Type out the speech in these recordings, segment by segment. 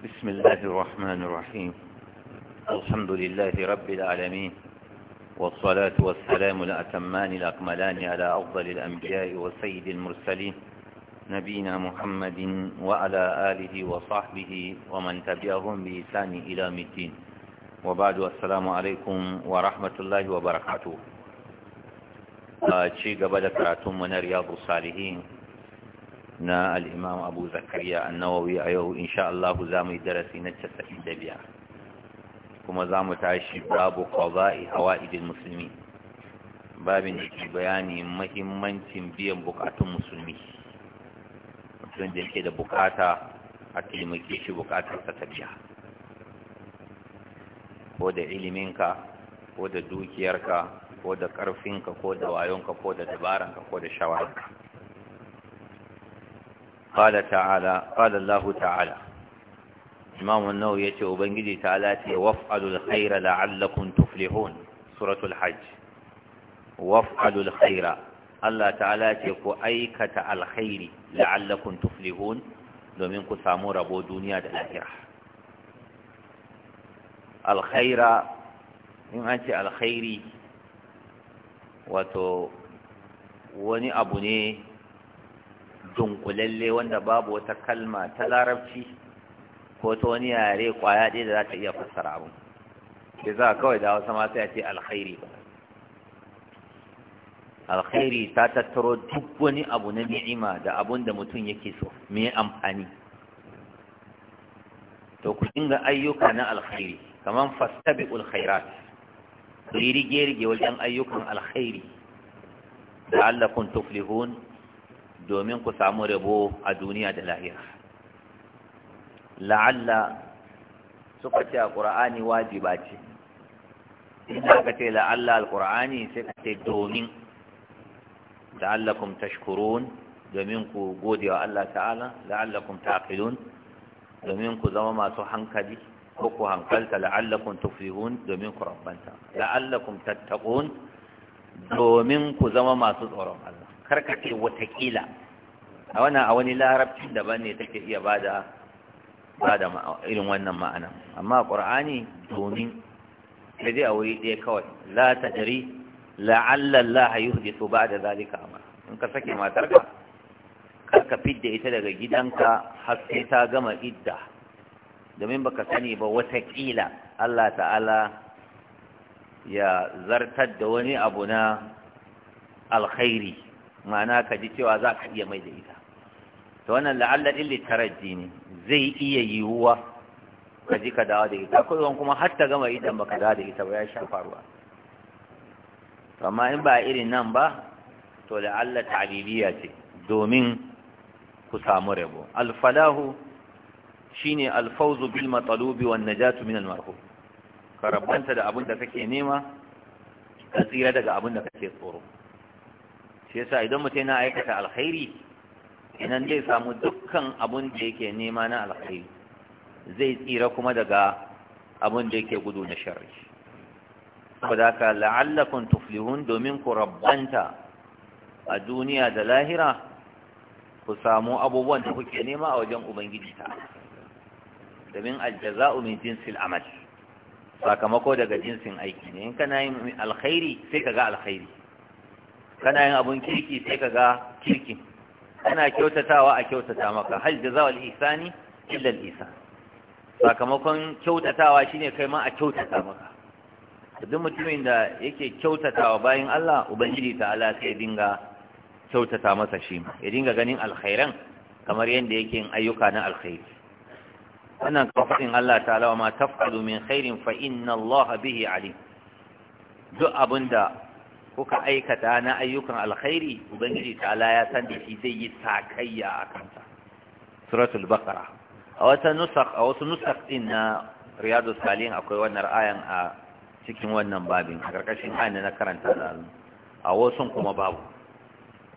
بسم الله الرحمن الرحيم الحمد لله رب العالمين والصلاة والسلام الأتمان الأكملان على أفضل الأنبياء وسيد المرسلين نبينا محمد وعلى آله وصحبه ومن تبعهم بإسان إلى مدين وبعد السلام عليكم ورحمة الله وبركاته آه، شيء قبل كراتم من رياض الصالحين na al'imam abu zakariya annawawi a yau insha Allah za mu yi darasi na casa'in da biyar kuma za mu tashi babu kwaza'i hawa idin musulmi babin da ke bayani mahimmancin biyan bukatun musulmi mutum da ke da bukata a taimake shi bukatar ta biya ko da iliminka ko da dukiyarka ko da ƙarfinka ko da wayonka ko da dabaranka ko da shawararka قال تعالى قال الله تعالى إمام النووي يتي وبنجدي تعالى وافعلوا الخير لعلكم تفلحون سورة الحج وافعلوا الخير الله تعالى يقول أيكة الخير لعلكم تفلحون domin ku samu rabo duniya da lahira alkhaira in an ce alkhairi wato wani abu ne dunkulalle wanda babu wata kalma ta larabci ko ta wani yare kwaya ɗaya da za ta iya fassara abin sai za kawai da wasu masu ya ce alkhairi ba alkhairi ta tattaro duk wani abu na ni'ima da abun da mutum yake so mai amfani to ku dinga ayyuka na alkhairi kamar fastabiqul khairat ku yi rige-rige wajen ayyukan alkhairi allakun tuflihun domin ku samu rabo a duniya da lahira la'alla suka ce a ƙura'ani wajiba ce inda ka ce la'alla al-ƙura'ani sai ka ce domin la'allakum tashkurun domin ku gode wa Allah ta'ala la'allakum taqilun domin ku zama masu hankali ko ku hankalta la'allakum tuflihun domin ku rabbanta la'allakum tattaqun domin ku zama masu tsoron Allah karka ce watakila a wannan a wani larabci daban ne take iya bada bada irin wannan ma'ana amma qur'ani domin sai dai a wuri ɗaya kawai la tadri la'alla Allah yuhdithu ba'da zalika ba. in ka sake matarka kar ka fidda ita daga gidanka har sai ta gama idda domin baka sani ba watakila Allah ta'ala ya zartar da wani abu na alkhairi ma'ana ka ji cewa za ka iya mai da ita to wannan la'alla din litaraji ne zai iya yiwuwa ka ji ka dawo da ita akwai wani kuma har ta gama idan baka dawo da ita ba ya sha faruwa amma in ba irin nan ba to la'alla ta'liliya ce domin ku samu rabo alfalahu shine alfawzu bil matalubi wan najatu min al marhu ka rabbanta da abin da kake nema ka tsira daga abin da kake tsoro shi yasa idan mutum yana aikata alkhairi kenan zai samu dukkan abun da yake nema na alkhairi zai tsira kuma daga abun da yake gudu na sharri saboda ka la'allakum tuflihun domin ku rabbanta a duniya da lahira ku samu abubuwan da kuke nema a wajen ubangiji ta domin aljaza'u min jinsil amal sakamako daga jinsin aiki ne in kana yin alkhairi sai ka alkhairi kana yin abun kirki sai kaga ga kirkin ana kyautatawa a kyautata maka hal jazawal ihsani illa al-ihsan sakamakon kyautatawa shine kai ma a kyautata maka duk mutumin da yake kyautatawa bayan Allah ubangiji ta'ala sai dinga kyautata masa shi ya dinga ganin alkhairan kamar yadda yake yin ayyuka na alkhairi wannan kafin Allah ta'ala wa ma taf'alu min khairin fa inna Allah bihi alim duk abinda kuka aikata na ayyukan alkhairi ubangiji ta'ala ya san da shi zai yi takayya a kansa suratul baqara a wata nusakh a wasu nusakh din na riyadus salihin akwai wannan ayan a cikin wannan babin a karkashin ayan na karanta da a wasu kuma babu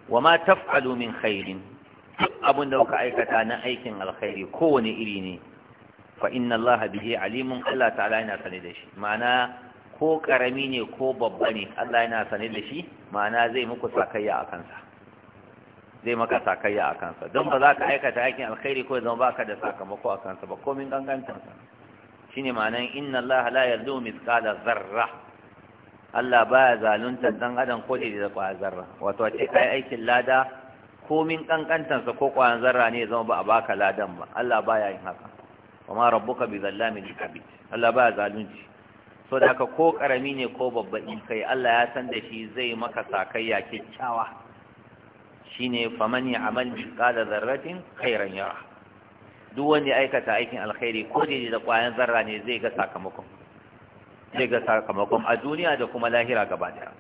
wa ma taf'alu min khairin duk abin da kuka aikata na aikin alkhairi kowane iri ne fa inna allaha bihi alimun allah ta'ala yana sane da shi ma'ana ko ƙarami ne ko babba ne Allah yana sane da shi ma'ana zai muku sakayya a kansa zai maka sakayya a kansa don ba za ka aikata aikin alkhairi ko zama ba ka da sakamako a kansa ba komin gangantansa shine ma'anan inna Allah la yardu mithqala zarra Allah baya zalunta dan adam ko da kwayar zarra wato a ce kai aikin lada komin kankantansa ko kwayar zarra ne zama ba a baka ladan ba Allah baya yin haka Kuma ma rabbuka bi zallamin lil Allah baya zalunci so da ka ko karami ne ko babba kai Allah ya san da shi zai maka sakayya kyakkyawa shine amal bi mithqala zarratin khairan yara duk wanda ya aikata aikin alkhairi ko da da kwayan zarra ne zai ga sakamakon zai ga sakamakon a duniya da kuma lahira gaba daya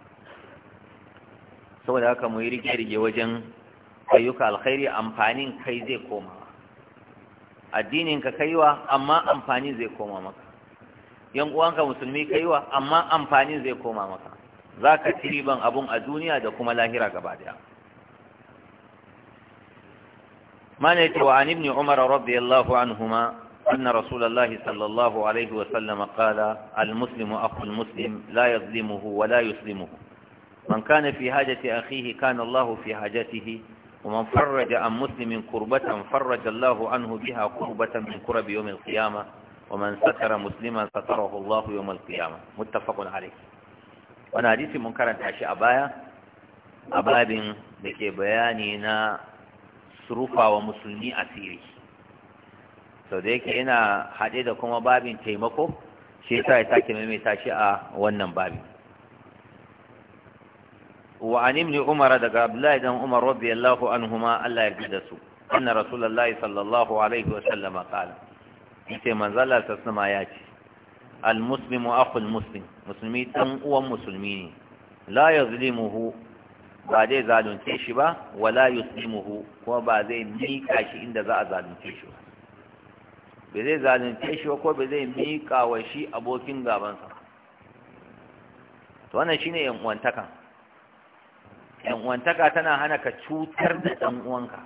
saboda haka mu yi rike rige wajen ayyuka alkhairi amfanin kai zai koma addinin ka kaiwa amma amfani zai koma maka yan uwanka musulmi kai wa amma amfanin zai koma maka za ka ci abun a duniya da kuma lahira gaba daya mana yace wa an ibni umar radiyallahu anhuma anna rasulullah sallallahu alaihi wa sallam qala al muslimu aqul muslim la yadhlimuhu wa la yuslimuhu man kana fi hajati akhihi kana allah fi hajatihi ومن فرج عن مسلم كربة فرج الله عنه بها كربة من كرب يوم القيامة ومن ستر مسلما ستره الله يوم القيامة متفق عليه wani hadisi mun karanta shi a baya a babin da ke bayani na surufa musulmi asiri sau da yake ina haɗe da kuma babin taimako shi ta ya sake maimaita shi a wannan babin wa an ibn umar daga abdullahi dan umar radiyallahu anhuma Allah ya yarda da su anna rasulullahi sallallahu alaihi wa sallama qala ita manzala ta sama ya ce almuslimu akul muslim musulmi ɗan uwan musulmi ne la muhu ba zai zalunce shi ba wala yuslimuhu kuma ba zai miƙa shi inda za a zalunce shi ba ba zai zalunce shi ba ko ba zai miƙa wa shi abokin gabansa to wannan shine yan uwantaka yan uwantaka tana hana ka cutar da ɗan uwanka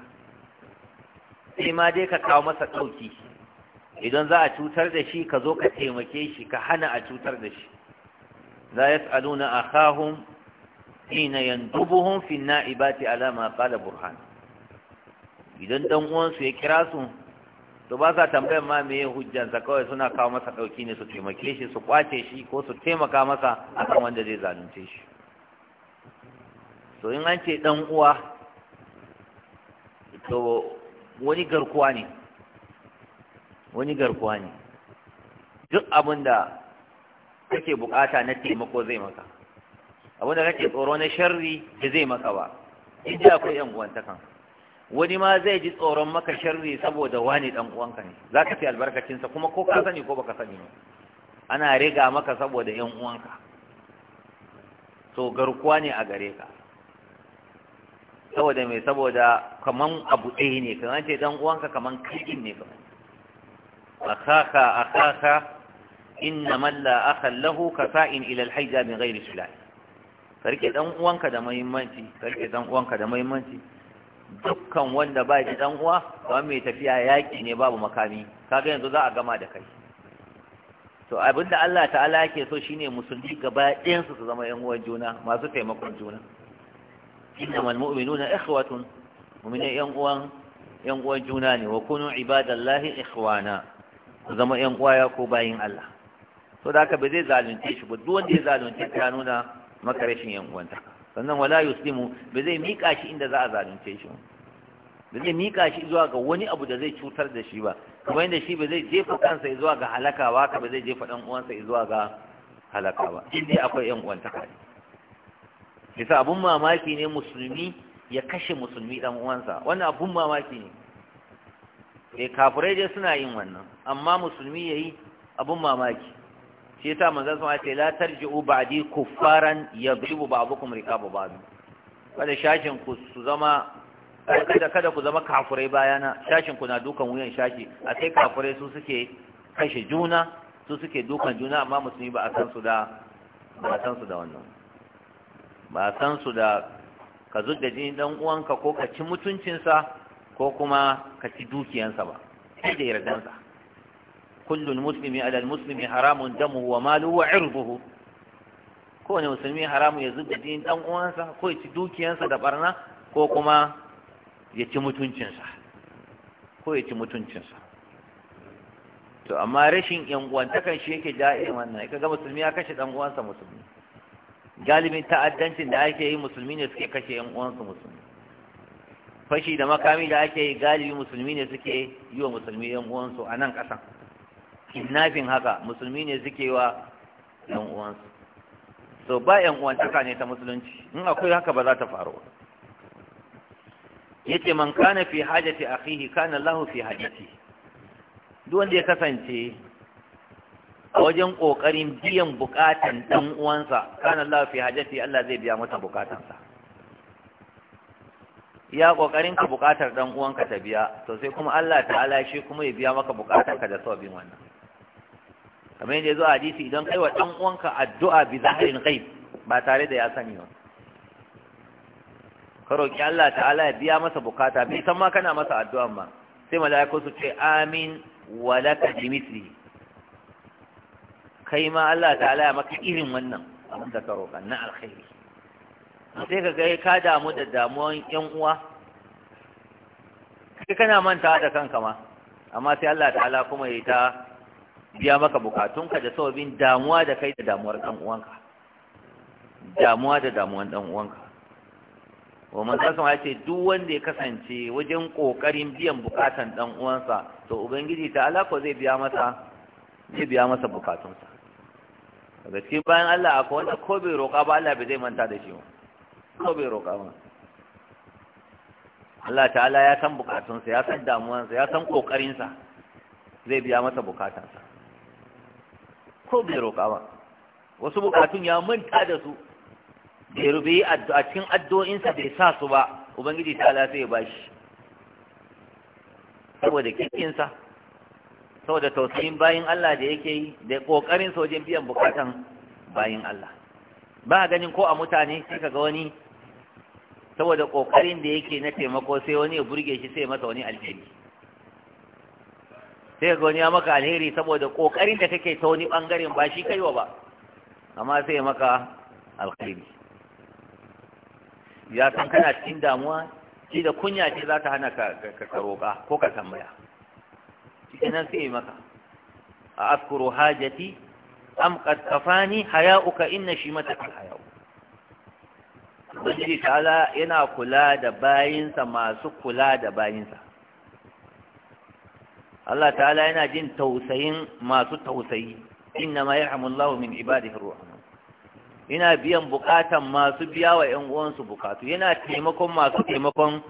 sai ma dai ka kawo masa ɗauki idan za a cutar da shi ka zo ka taimake shi ka hana a cutar da shi Za a kahun ina hina yandubuhum fi na'ibati alama ma burhan idan dan uwansu ya kira su to ba sa tambayar ma me hujjansa kawai suna kawo masa ɗauki ne su taimake shi su kwace shi ko su taimaka masa a kan wanda zai zalunce shi to in an ce dan uwa to wani garkuwa ne wani garkuwa ne duk abin da kake bukata na taimako zai maka abin da kake tsoro na sharri da zai maka ba inda akwai yan uwantakan wani ma zai ji tsoron maka sharri saboda wani dan uwanka ne za ka fi albarkacinsa kuma ko ka sani ko baka sani ba ana riga maka saboda yan uwanka to garkuwa ne a gare ka saboda mai saboda kaman abu ɗaya ne kaman ce dan uwanka kaman kajin ne kaman akaka akaka inna man la akhan lahu kafa'in ila al-haida min ghairi sulah karke dan uwanka da muhimmanci karke dan uwanka da muhimmanci dukkan wanda ba shi dan uwa ba mai tafiya yaki ne babu makami kaga yanzu za a gama da kai to abinda Allah ta'ala yake so shine musulmi gaba ɗayan su zama ƴan uwan juna masu taimakon juna innamal mu'minuna ikhwatun mu'mina ƴan uwan ƴan uwan juna ne wa kunu ibadallahi ikhwana ku zama ƴan uwaya ko bayin Allah to da haka ba zai zalunce shi ba duk wanda ya zalunce ka ya nuna maka rashin ƴan uwanta sannan wala yuslimu ba zai mika shi inda za a zalunce shi ba zai mika shi zuwa ga wani abu da zai cutar da shi ba kuma yadda shi ba zai jefa kansa zuwa ga halaka ba haka ba zai jefa ɗan uwansa zuwa ga halaka ba dai akwai ƴan uwanta ne yasa abun mamaki ne musulmi ya kashe musulmi ɗan uwansa wannan abun mamaki ne eh kafirai dai suna yin wannan amma musulmi yayi abun mamaki shi yasa manzo sun ce la tarji'u ba'di kuffaran yadribu ba'dukum rikabu ba'd kada shashin ku su zama kada kada ku zama kafirai bayana shashin ku na dukan wuyan shashi a sai kafirai su suke kashe juna su suke dukan juna amma musulmi ba a san su da ba a san su da wannan ba a san su da ka zudda jini dan uwanka ko ka ci mutuncinsa ko kuma ka ci dukiyansa ba sai da yardansa kullu muslimi alal muslimi haramun damu wa malu wa irduhu ne musulmi haramun ya zubda jinin dan uwansa ko ya ci dukiyansa da barna ko kuma ya ci mutuncinsa ko ya ci mutuncinsa to amma rashin yan uwantakan shi yake da irin wannan kaga musulmi ya kashe dan uwansa musulmi galibin ta'addancin da ake yi musulmi ne suke kashe yan uwansu musulmi fashi da makami da ake yi galibi musulmi ne suke yi wa musulmi yan uwansu a nan ƙasan kidnapping haka musulmi ne suke wa yan uwansu so ba yan uwantaka ne ta musulunci in akwai haka ba za ta faru ce man kana fi hajati a kana Allahu fi hajati duk wanda ya kasance a wajen ƙoƙarin biyan buƙatan ɗan uwansa kana Allahu fi hajati Allah zai biya masa buƙatansa. Ya kokarin ka bukatar dan uwanka ta biya to sai kuma Allah ta'ala shi kuma ya biya maka bukatar ka da sabbin wannan kamar yadda zuwa hadisi idan kai wa dan uwanka addu'a bi zahirin ghaib ba tare da ya sani ba ka ki Allah ta'ala ya biya masa bukata bi san ma kana masa addu'a ma sai mala'iku su ce amin wa laka bimithli kai ma Allah ta'ala ya maka irin wannan abin da ka roka na alkhairi sai ka gai ka damu da damuwan yan uwa sai kana manta da kanka ma amma sai Allah ta'ala kuma ya ta biya maka bukatunka da sababin damuwa da kai da damuwar ɗan uwanka damuwa da damuwan ɗan uwanka wa man sama ya ce duk wanda ya kasance wajen kokarin biyan bukatan ɗan uwansa to ubangiji ta'ala ko zai biya masa zai biya masa bukatunsa daga bayan Allah akwai wanda ko bai roƙa ba Allah bai zai manta da shi ba ko bai roƙa ba Allah ta'ala ya san bukatunsa ya san damuwansa ya san ƙoƙarinsa zai biya masa bukatansa ko bai roƙa ba wasu bukatun ya manta da su bai rube a cikin addu'o'insa bai sa su ba ubangiji ta'ala sai ya bashi saboda kikinsa saboda tausayin bayin Allah da yake yi da ƙoƙarin sojin biyan bukatan bayin Allah ba ganin ko a mutane sai kaga wani saboda ƙoƙarin da yake na taimako sai wani ya burge shi sai masa wani alheri sai ga wani ya maka alheri saboda ƙoƙarin da kake ta wani ɓangaren ba shi kaiwa ba amma sai maka alheri ya san kana cikin damuwa shi da kunya ce za ta hana ka roƙa ko ka tambaya cikin nan sai maka a askuru hajati am qad kafani haya'uka inna shi mata haya'u ubangiji ta'ala yana kula da bayinsa masu kula da bayinsa Allah ta'ala yana jin tausayin masu tausayi inna ma yarhamullahu min ibadihi ar-rahman yana biyan bukatan masu biya wa ƴan uwansu bukatu yana taimakon masu taimakon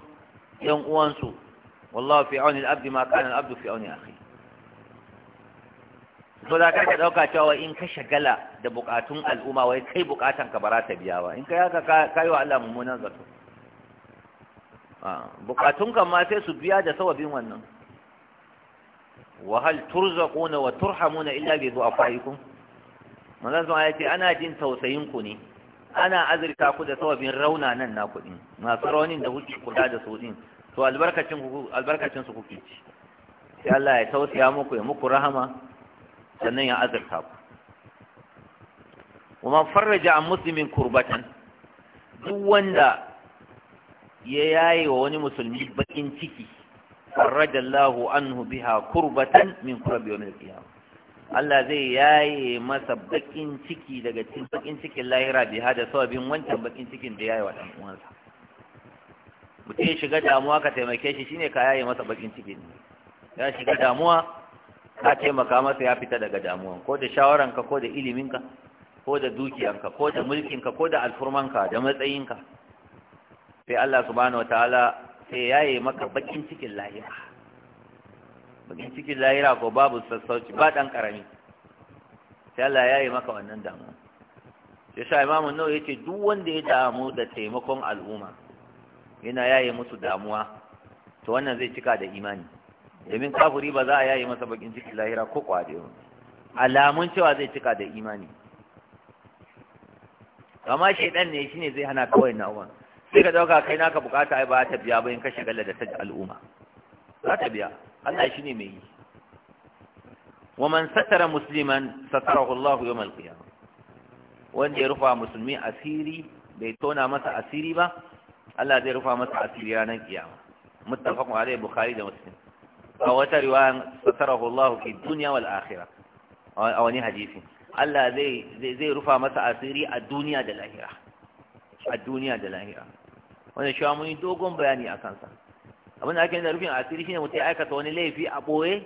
ƴan uwansu wallahu fi auni al-abdi ma kana abdu fi auni akhi so za ka ɗauka cewa in ka shagala da bukatun al'umma wai kai bukatan ka bara ta biya ba in kai haka ka yi wa Allah mummunan zato bukatun ka ma sai su biya da sawabin wannan wa hal turzaquna wa turhamuna illa bi du'afaikum manzon sun ayati ana jin tausayin ku ne ana azurta ku da sawabin rauna nan na kuɗi masu raunin da kuke kula da su din to albarkacin ku albarkacin su kuke ci sai Allah ya tausaya muku ya muku rahama sannan ya azurta ku wa man farraja musulmin kurbatan duk wanda ya yaye wa wani musulmi bakin ciki farraja Allahu anhu biha kurbatan min kurabi yawmil qiyamah Allah zai yaye masa bakin ciki daga cikin bakin cikin lahira biha da sababin wancan bakin cikin da yaye wa dan uwansa mutum ya shiga damuwa ka taimake shi shine ka yaye masa bakin ciki ya shiga damuwa ka taimaka masa ya fita daga damuwan ko da shawaranka ko da iliminka ko da dukiyanka ko da mulkinka ko da alfurmanka da matsayinka sai Allah subhanahu wataala sai yaye maka bakin cikin lahira bakin cikin lahira ko babu sassauci ba dan karami sai Allah yaye maka wannan damuwa sai sha imamu nawa yace duk wanda ya damu da taimakon al'umma yana yaye musu damuwa to wannan zai cika da imani domin kafuri ba za a yayi masa bakin ciki lahira ko kwadewa alamun cewa zai cika da imani amma shaidan ne shine zai hana kawai na uwan sai ka dauka kai naka bukata ai ba ta biya ba in ka shagala da ta al'umma za ta biya Allah shine mai yi wa man satara musliman satarahu Allah yawm al-qiyamah wanda ya rufa musulmi asiri bai tona masa asiri ba Allah zai rufa masa asiri ranar kiyama muttafaqun alayhi bukhari da muslim a wata riwayan satarahu Allah fi duniya wal akhirah a wani hadisi Allah zai zai rufa masa asiri a duniya da lahira a duniya da lahira wannan shi mun dogon bayani a kansa abin da ake da rufin asiri shine mutum ya aikata wani laifi a boye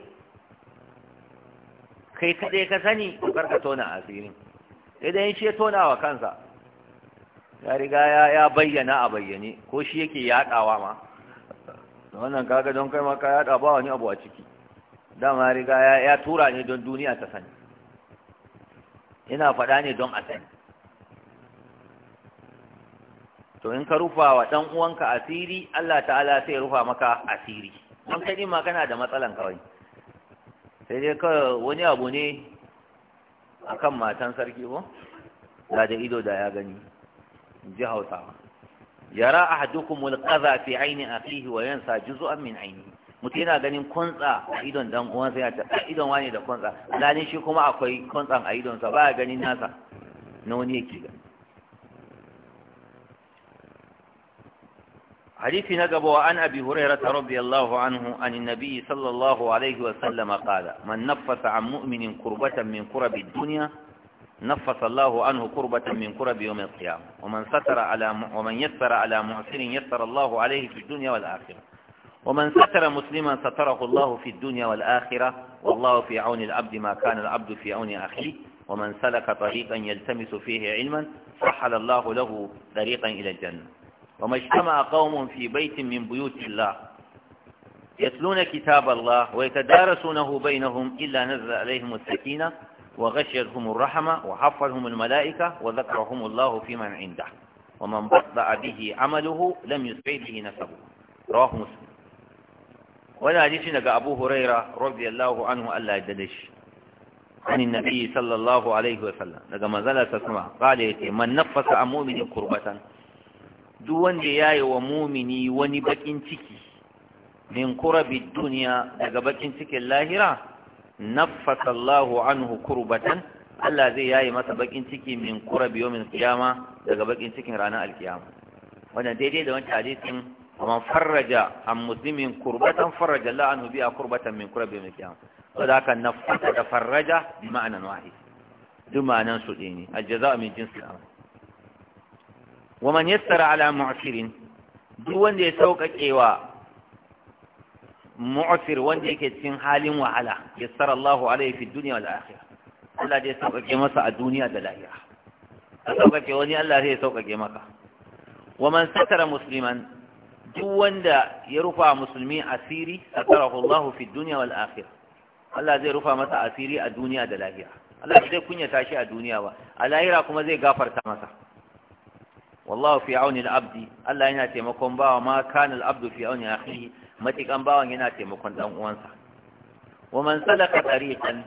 kai kaɗai ka sani to ka tona asirin idan shi ya tona wa kansa ya riga ya bayyana a bayyane ko shi yake yaɗawa ma da wannan kaga don kai ma ka yada ba wani abu a ciki dama riga ya ya tura ne don duniya ta sani ina faɗa ne don a sani to in ka rufa wa ɗan uwanka asiri Allah ta'ala sai rufa maka asiri don kai ma kana da matsalan kawai sai dai ka wani abu ne akan matan sarki ko da da ido da ya gani ji hausawa yara ahadukum alqadha fi aini a akhihi wa yansa juz'an min aini mutu yana ganin kunsa a idon dan uwansa ya ta ah, idon wani da kunsa lalin shi kuma akwai kunsan a idonsa ba a ganin nasa na wani yake ga hadithi na gaba wa an abi rabbi radiyallahu anhu an annabi sallallahu alaihi wa sallama qala man naffasa an mu'minin kurbatan min kurabi dunya نفس الله عنه كربة من كرب يوم القيامة ومن ستر على م... ومن يسر على معسر يسر الله عليه في الدنيا والآخرة ومن ستر مسلما ستره الله في الدنيا والآخرة والله في عون العبد ما كان العبد في عون أخيه ومن سلك طريقا يلتمس فيه علما سحل الله له طريقا إلى الجنة وما اجتمع قوم في بيت من بيوت الله يتلون كتاب الله ويتدارسونه بينهم إلا نزل عليهم السكينة وغشيتهم الرحمة وحفظهم الملائكة وذكرهم الله في من عنده ومن بطأ به عمله لم يسعي به نسبه رواه مسلم ولا حديث نجا أبو هريرة رضي الله عنه ألا يدلش عن النبي صلى الله عليه وسلم نجا ما زال تسمع قال يتي من نفس عن مؤمن كربة دون دياي ومؤمني ونبكين تكي من كرب الدنيا نجا بكين تكي اللاهرة naffasa Allahu anhu kurbatan Allah zai yayi masa bakin ciki min kurabi yawmin qiyama daga bakin cikin ranar alkiyama wannan daidai da wancan hadisin amma farraja an muslimin kurbatan farraja Allah anhu bi'a kurbatan min kurabi yawmin qiyama saboda haka naffasa da farraja bi ma'anan wahid duk ma'anan su ɗaya ne aljaza'u min jinsi al wa man yassara ala mu'sirin duk wanda ya sauƙaƙe wa mu'sir wanda yake cikin halin wahala yassara Allahu alaihi fi duniya wal akhirah Allah zai sauƙaƙe masa a duniya da lahira a sauƙaƙe wani Allah zai sauƙaƙe maka wa man satara musliman duk wanda ya rufa musulmi asiri satarahu Allahu fi duniya wal akhirah Allah zai rufa masa asiri a duniya da lahira Allah zai kunyata shi a duniya ba a lahira kuma zai gafarta masa wallahu fi auni al-abdi Allah yana taimakon bawa ma kana al-abdu fi auni akhihi matikan bawan yana taimakon dan uwansa wa man salaka tariqan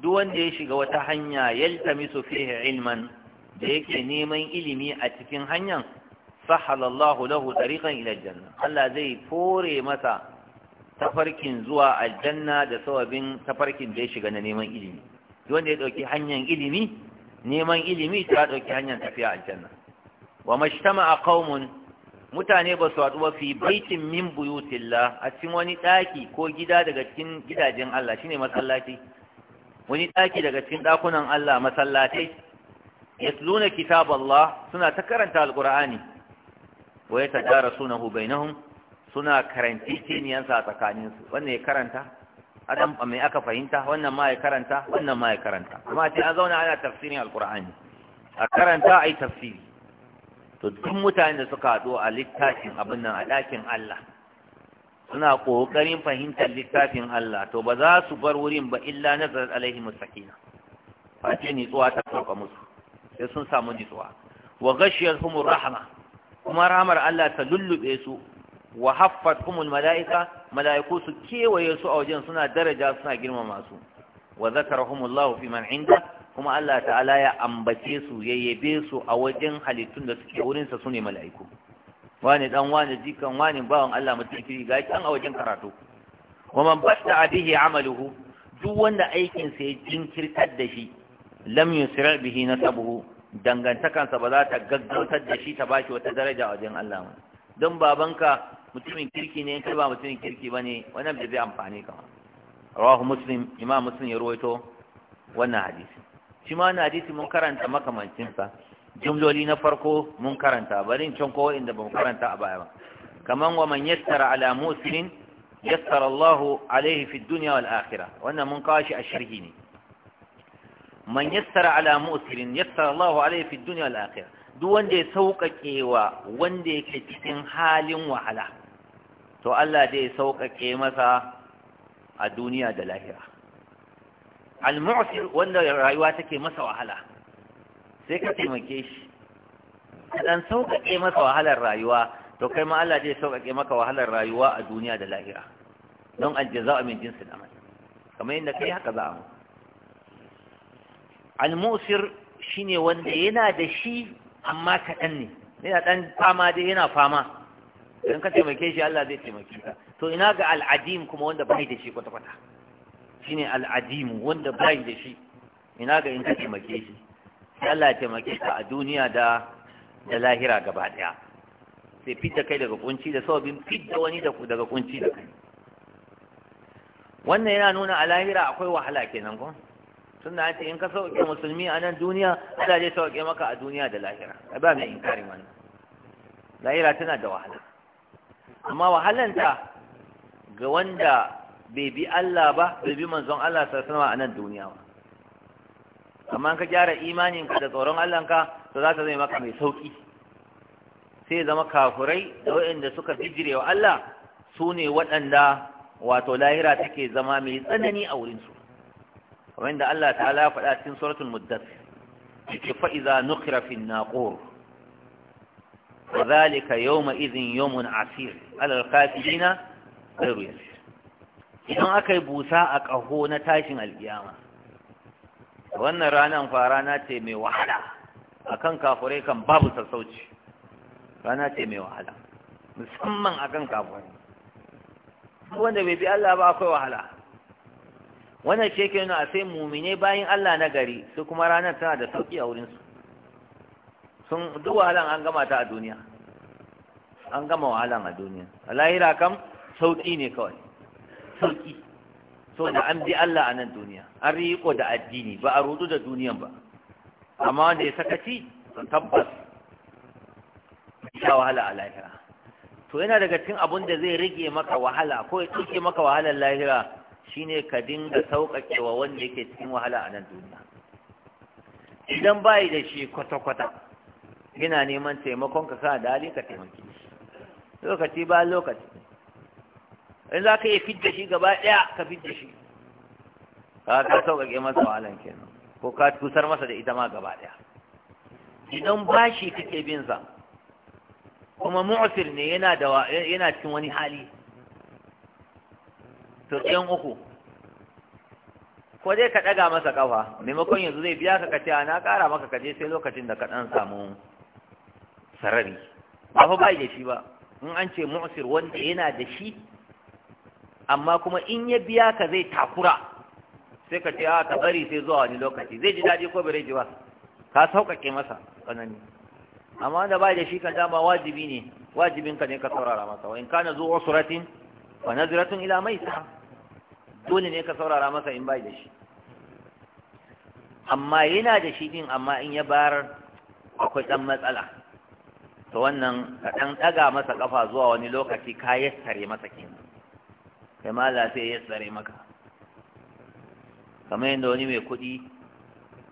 duk wanda ya shiga wata hanya yaltamisu fihi ilman da yake neman ilimi a cikin hanyar sahalallahu lahu tariqan ila janna. Allah zai fore masa tafarkin zuwa aljanna da sawabin tafarkin da ya shiga na neman ilimi wanda ya dauki hanyar ilimi neman ilimi ta dauki hanyar tafiya aljanna wa majtama'a qaumun mutane ba su haɗu ba fi baitin min buyutillah a cikin wani ɗaki ko gida daga cikin gidajen Allah shine masallaci wani ɗaki daga cikin ɗakunan Allah masallatai yatluna kitab Allah suna ta karanta alqur'ani wa yatadarasunahu bainahum suna karanti tiniyansa a tsakaninsu wannan ya karanta adam mai aka fahimta wannan ma ya karanta wannan ma ya karanta kuma ce an zauna ana tafsirin alqur'ani a karanta ai tafsiri to duk mutanen da suka haɗu a littafin abin nan a ɗakin Allah suna ƙoƙarin fahimtar littafin Allah to ba za su bar wurin ba illa nazarat alaihi mustaqina face nitsuwa ta sauka musu sai sun samu nitsuwa wa gashiyar humur rahama kuma ramar Allah ta lullube su wa haffat humul mala'ika mala'iku su kewaye su a wajen suna daraja suna girmama su wa zakarahumullahu fi man inda kuma Allah ta'ala ya ambace su ya yabe su a wajen halittun da suke wurinsa su ne mala'iku wani dan wani jikan wani bawan Allah mutum kiri ga kan a wajen karatu wa man batta bihi amaluhu duk wanda aikin sa ya jinkirtar da shi lam yusra bihi nasabuhu dangantakansa ba za ta gaggautar da shi ta bashi wata daraja a wajen Allah don babanka mutumin kirki ne kai ba mutumin kirki bane wannan da zai amfane ka rawahu muslim imam muslim ya ruwaito wannan hadisi shi ma na hadisi mun karanta makamancinsa jumloli na farko mun karanta bari can ko inda ba mu karanta a baya ba kaman wa man yassara ala muslimin yassara Allah alaihi fi dunya wal akhirah wannan mun kawo shi a sharhi ne man yassara ala muslimin yassara Allah alaihi fi dunya wal akhirah duk wanda ya sauƙaƙe wa wanda yake cikin halin wahala to Allah zai sauƙaƙe masa a duniya da lahira al-mu'sir wanda rayuwa take masa wahala sai ka taimake shi ka dan sauƙaƙe masa wahalar rayuwa to kai ma Allah zai sauƙaƙe maka wahalar rayuwa a duniya da lahira don Al-Jaza aljaza'u min jinsil amal kamar yadda kai haka za a mu al-mu'sir shine wanda yana da shi amma kaɗan ne yana ɗan fama dai yana fama idan ka taimake shi Allah zai taimake ka to ina ga al-adim kuma wanda bai da shi kwata-kwata shine al'adimu wanda bai da shi ina ga in ka taimake shi sai Allah ya taimake ka a duniya da da lahira gaba daya sai fidda kai daga kunci da sababin fidda wani daga kunci da kai wannan yana nuna a lahira akwai wahala kenan ko tunda an ce in ka sauke musulmi a nan duniya Allah zai sauke maka a duniya da lahira ba mai inkarin wannan lahira tana da wahala amma wahalanta ga wanda bai bi Allah ba bai bi manzon Allah sallallahu a nan duniya ba amma ka gyara imaninka da tsoron Allahnka to za ta zai maka mai sauki sai zama kafurai da waɗanda suka bijire wa Allah su ne waɗanda wato lahira take zama mai tsanani a wurinsu kamar yadda Allah ta'ala ya faɗa cikin suratul muddathir yake fa iza nuqira fi an-naqur wa dhalika yawma idhin yawmun asir alal kafirina ghayru yasir idan aka yi busa a ƙaho na tashin alkiyama wannan ranar fa rana ce mai wahala A kan kafurai kan babu sassauci rana ce mai wahala musamman akan kafurai wanda bai bi Allah ba akwai wahala wannan ce ke nuna a sai mumine bayan Allah na gari su kuma ranar tana da sauki a wurinsu sun duk wahalan an gama ta a duniya an gama wahalan a duniya a lahira kam sauki ne kawai sauki so da an bi Allah a nan duniya an riko da addini ba a rudu da duniyan ba amma wanda ya sakaci tabbas ya wahala a lahira to yana daga cikin abun da zai rage maka wahala ko ya tsike maka wahalar lahira shine ka dinga sauƙaƙewa wanda yake cikin wahala a nan duniya idan bayi da shi kwata-kwata yana neman taimakon ka sa da hali ka taimake shi lokaci ba lokaci in za ka iya fidda shi gaba ɗaya ka fidda shi ka ka sauƙaƙe masa wahalan kenan ko ka tusar masa da ita ma gaba ɗaya idan ba bashi kake bin sa kuma mu'sir ne yana da yana cikin wani hali to ɗan uku ko dai ka ɗaga masa ƙafa maimakon yanzu zai biya ka kace na ƙara maka ka kaje sai lokacin da ka ɗan samu sarari ba fa bai shi ba in an ce mu'sir wanda yana da shi amma kuma in ya biya ka zai takura sai ka ce a ah, ka bari sai zuwa wani lokaci zai ji daɗi ko bai ji ba ka sauƙaƙe masa tsanani amma wanda ba da shi kan dama wajibi ne wajibin ka ne ka saurara masa wa in kana zuwa suratin wa naziratun ila maisa dole ne ka saurara masa in ba da shi amma yana da shi din amma in ya bayar akwai ɗan matsala to wannan ka ɗan ɗaga masa ƙafa zuwa wani lokaci ka yassare masa kenan kai ma Allah sai ya tsare maka kamar yadda wani mai kuɗi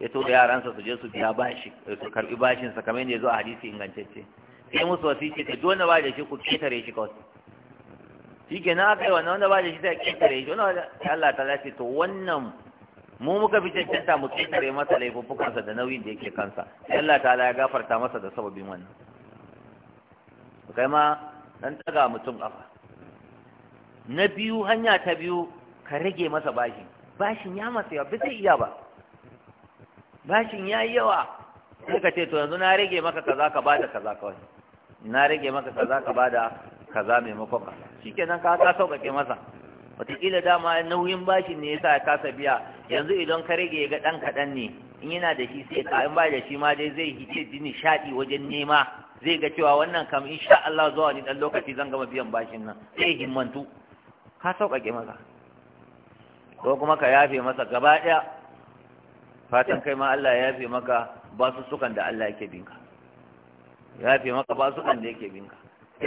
ya to da yaransa su je su biya bashi su karɓi bashin sa kamar yadda ya zo a hadisi ingantacce sai musu wasu ce, ta dole ba da shi ku ketare shi kawai shi ke na aka yi wannan wanda ba da shi ta ketare shi wanda Allah ta lafi to wannan mu muka fi cancanta mu ketare masa laifuffukansa da nauyin da yake kansa sai Allah ta ya gafarta masa da sababin wannan kai ma dan taga mutum kafa na biyu hanya ta biyu ka rage masa bashin bashin ya masa yawa zai iya ba bashin ya yi yawa sai ka ce to yanzu na rage maka kaza ka bada kaza kawai na rage maka kaza ka bada kaza maimakon ka shikenan ka ka sauƙaƙe masa wataƙila dama nauyin bashin ne yasa ya kasa biya yanzu idan ka rage ga ɗan kaɗan ne in yana da shi sai ka in ba da shi ma dai zai hice ji nishaɗi wajen nema zai ga cewa wannan kam insha Allah zuwa ni ɗan lokaci zan gama biyan bashin nan sai himmantu ka sauƙaƙe masa ko kuma ka yafe masa gaba ɗaya fatan kai ma Allah ya yafe maka ba su sukan da Allah yake binka ya yafe maka ba su sukan da yake binka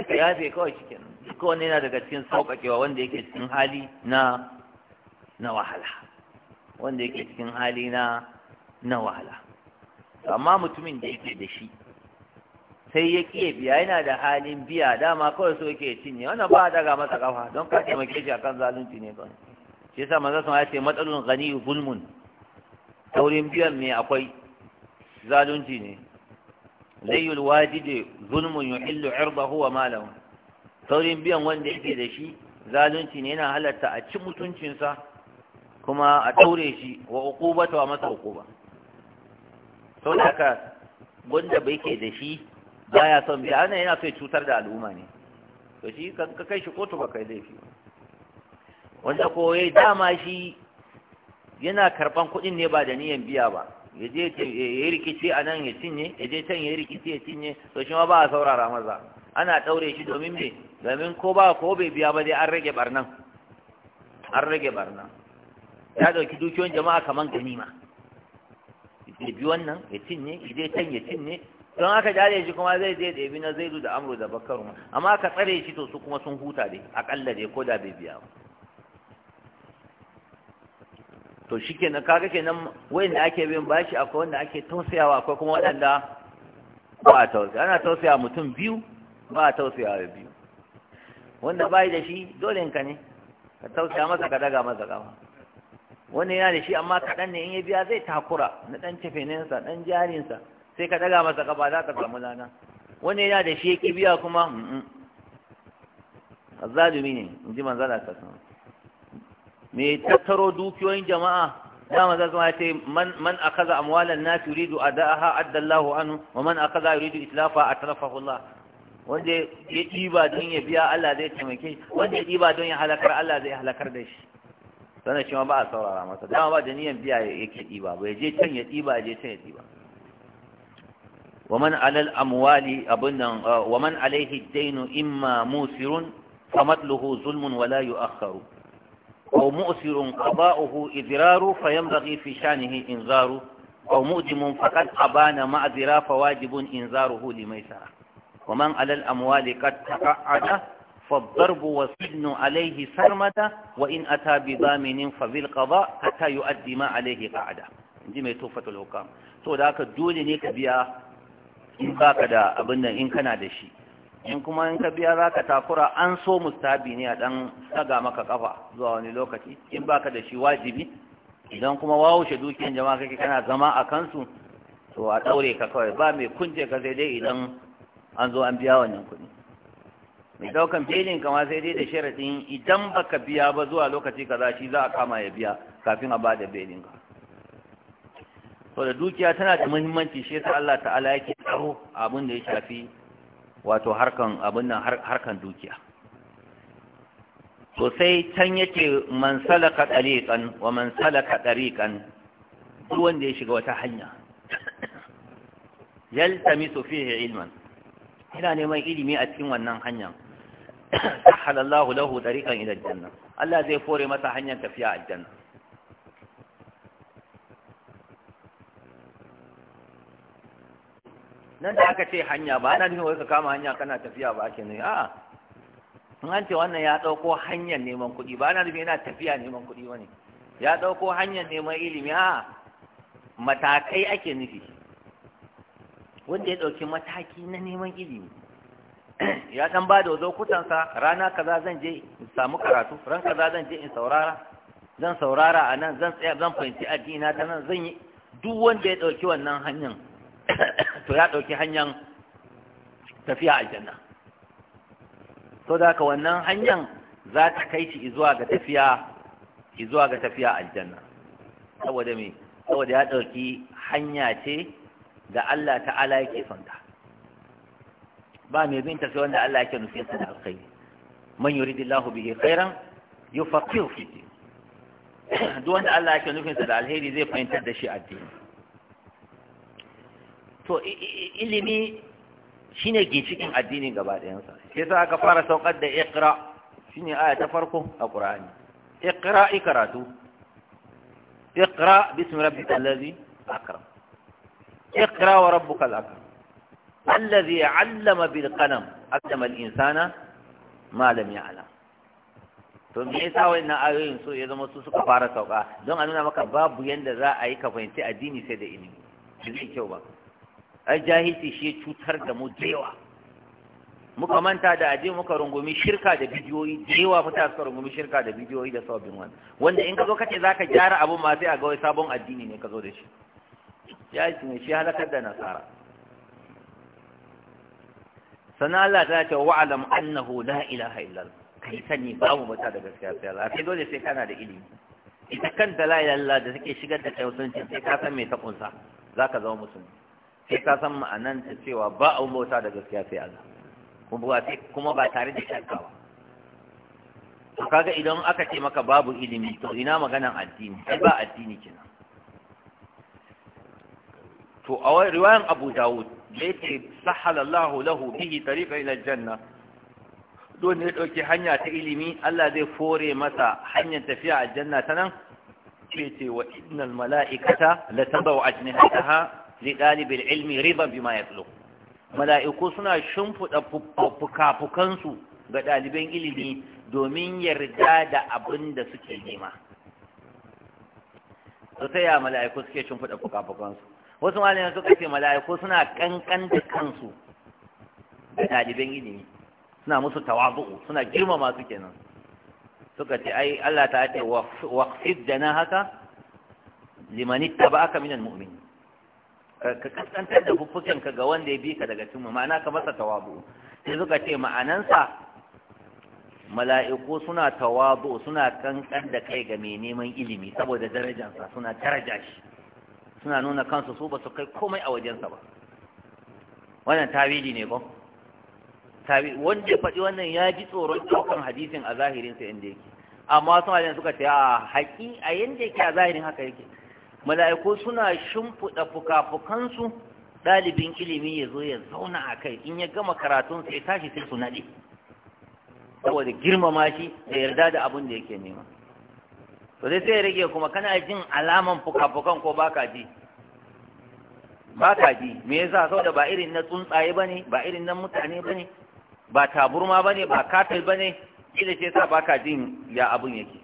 ka yafe kawai cikin ko wani yana daga cikin sauƙaƙewa wanda yake cikin hali na na wahala wanda yake cikin hali na na wahala amma mutumin da yake da shi sai ya ƙiye biya yana da halin biya dama kawai so yake cinye wannan ba a daga masa kafa don ka taimake shi akan zalunci ne kawai shi yasa manzo sun ya ce matsalun gani gulmun. taurin biyan me akwai zalunci ne layyul wajide zulmun yuhillu irdahu wa malahu taurin biyan wanda yake da shi zalunci ne yana halatta a ci mutuncinsa kuma a taure shi wa uqubata wa masa uquba saboda haka wanda bai ke da shi baya son biya wannan yana so ya cutar da al'umma ne to shi ka kai shi kotu ba kai laifi wanda ko ya dama shi yana karban kuɗin ne ba da niyan biya ba ya je ya rikici a nan ya cinye ya je can ya yi rikici ya cinye to shi ma ba a saurara maza ana ɗaure shi domin me domin ko ba ko bai biya ba dai an rage barnan an rage barnan ya ɗauki dukiyoyin jama'a kamar ganima ya bi wannan ya cinye ya je can ya cinye don aka jare shi kuma zai je ɗebi na zaidu da amru da bakar ma amma ka tsare shi to su kuma sun huta dai akalla dai ko da bai biya ba to shi kenan kaga kenan wanda ake bin bashi akwai wanda ake tausayawa akwai kuma waɗanda ba a tausaya ana tausaya mutum biyu ba a tausaya biyu wanda bai da shi dole ka ne ka tausaya masa ka daga masa kafa wanda yana da shi amma kaɗan ne in ya biya zai takura na ɗan cefenensa ɗan jarinsa sai ka ɗaga masa kafa za ka samu lana wani yana da shi biya kuma zalumi ne in ji manzala ka kasan mai tattaro dukiyoyin jama'a dama za su ce man akaza amwalan nas yuridu ada'aha addallahu anhu wa man akaza yuridu itlafa atlafahu Allah wanda ya ɗiba don ya biya Allah zai taimake shi wanda ya ɗiba don ya halakar Allah zai halakar da shi sannan shi ma ba a saurara masa dama ba da niyan biya yake ɗiba ba ya je can ya ɗiba ya je can ya ɗiba ومن على الأموال أبنا ومن عليه الدين إما موسر فمثله ظلم ولا يؤخر أو مؤسر قضاؤه إذرار فينبغي في شانه إنذار أو مؤجم فقد أبان معذرا فواجب إنذاره لميسرة ومن على الأموال قد تقعد فالضرب والسجن عليه سرمدا وإن أتى بضامن فبالقضاء حتى يؤدي ما عليه قعدا دي ميتوفة الحكام تو داك دولي نيك بيا in ba ka da abin nan in kana da shi in kuma in ka biya za ka takura an so mustabi ne a ɗan saga maka kafa zuwa wani lokaci in ba ka da shi wajibi idan kuma wawushe dukiyar jama'a kake kana zama a kansu to a ɗaure ka kawai ba mai kunce ka sai dai idan an zo an biya wannan kuɗi mai ɗaukan filin kama sai dai da sharaɗin idan baka biya ba zuwa lokaci kaza shi za a kama ya biya kafin a bada da to dukiya tana da muhimmanci shi yasa Allah ta'ala yake tsaro abin da ya shafi wato harkan abin nan harkan dukiya to sai can yake man salaka tariqan wa man salaka tariqan duk wanda ya shiga wata hanya yaltamisu fihi ilman ina neman ilimi a cikin wannan hanyar sahala Allahu lahu tariqan ila aljanna Allah zai fore masa hanyar tafiya aljanna nan da aka ce hanya ba ana nufin wai ka kama hanya kana tafiya ba ake nufi a'a in an ce wannan ya ɗauko hanyar neman kuɗi ba ana nufin yana tafiya neman kuɗi ba ne ya ɗauko hanyar neman ilimi a'a matakai ake nufi wanda ya ɗauki mataki na neman ilimi ya ɗan ba da kutansa rana kaza zan je in samu karatu ran kaza zan je in saurara zan saurara a nan zan tsaya zan fahimci addina ta nan zan yi duk wanda ya ɗauki wannan hanyar to ya ɗauki hanyar tafiya aljanna to da haka wannan hanyar za ta kai shi zuwa ga tafiya zuwa ga tafiya aljanna saboda me saboda ya ɗauki hanya ce da Allah ta'ala yake son ta ba mai bin ta sai wanda Allah yake nufi sa da alkhairi man yuridillahu bihi khairan yufaqihu fi din duk wanda Allah yake nufin sa da alheri zai fahimtar da shi addini to ilimi shine ginshikin addinin gaba ɗayansa sai sa aka fara saukar da iqra shine aya ta farko a qur'ani iqra ikratu iqra bismi rabbikal ladzi akram iqra wa rabbukal akram alladhi 'allama bil qalam 'allama al insana ma lam ya'lam to me yasa wannan ayoyin so ya zama su suka fara sauka don a nuna maka babu yanda za a yi ka fahimci addini sai da ilimi ba zai kyau ba ai jahilci shi ya cutar da mu da yawa muka manta da aje muka rungumi shirka da bidiyoyi da yawa suka rungumi shirka da bidiyoyi da sabbin wani wanda in ka zo kace zaka gyara abu ma sai a ga wai sabon addini ne ka zo da shi jahilci ne shi halakar da nasara sana Allah ta ce alam annahu la ilaha illallah kai sani babu mata da gaskiya sai Allah sai dole sai kana da ilimi ita kanta la ilaha illallah da take shigar da kai sai ka san me ta kunsa zaka zama musulmi sai ka san ma'anan ta cewa ba a wuta da gaskiya sai Allah kuma ba tare da shakka ba to kaga idan aka ce maka babu ilimi to ina maganan addini sai ba addini kina to a wani riwayan Abu Dawud da yake sahala Allah lahu bihi tariqa ila janna don ne dauki hanya ta ilimi Allah zai fore masa hanyar tafiya aljanna ta nan ce ce wa innal mala'ikata la tadau ajnihataha li ɗalibin ilmi riban bima ya tsalo mala'iku suna shimfiɗa fuka ga ɗaliban ilimi domin yarda da abin da suke nema su ta yaya mala'iku suke shimfiɗa fuka-fukansu wasu malayan suka ce mala'iku suna ƙanƙan da kansu ga ɗaliban ilimi suna musu tawazu'u suna girmama su kenan suka ce ai Allah ta ce da na haka ba aka minan mu'minin Eh, ka kaskantar da fuffukinka ga wanda ya bi ka daga cikin ma'ana ka masa tawabu sai suka ce ma'anansa mala'iku suna tawabu suna kankan da kai ga mai neman ilimi saboda darajansa suna daraja shi suna nuna kansu su ba su kai komai a wajensa ba wannan tawili ne ko wanda ya faɗi wannan ya ji tsoron ɗaukan hadisin a zahirinsa inda yake amma suna da suka ce a haƙi a yanda yake a zahirin haka yake mala'iku suna shimfiɗa fuka-fukansu ɗalibin ilimi ya zo ya zauna a kai in ya gama karatun sai tashi sai su naɗe saboda girmama shi da yarda da abin da yake nema to dai sai rage kuma kana jin alaman fuka-fukan ko baka ji baka ji me yasa saboda ba irin na tsuntsaye bane ba irin na mutane bane ba taburma bane ba katil bane kila ce sa baka jin ya abun yake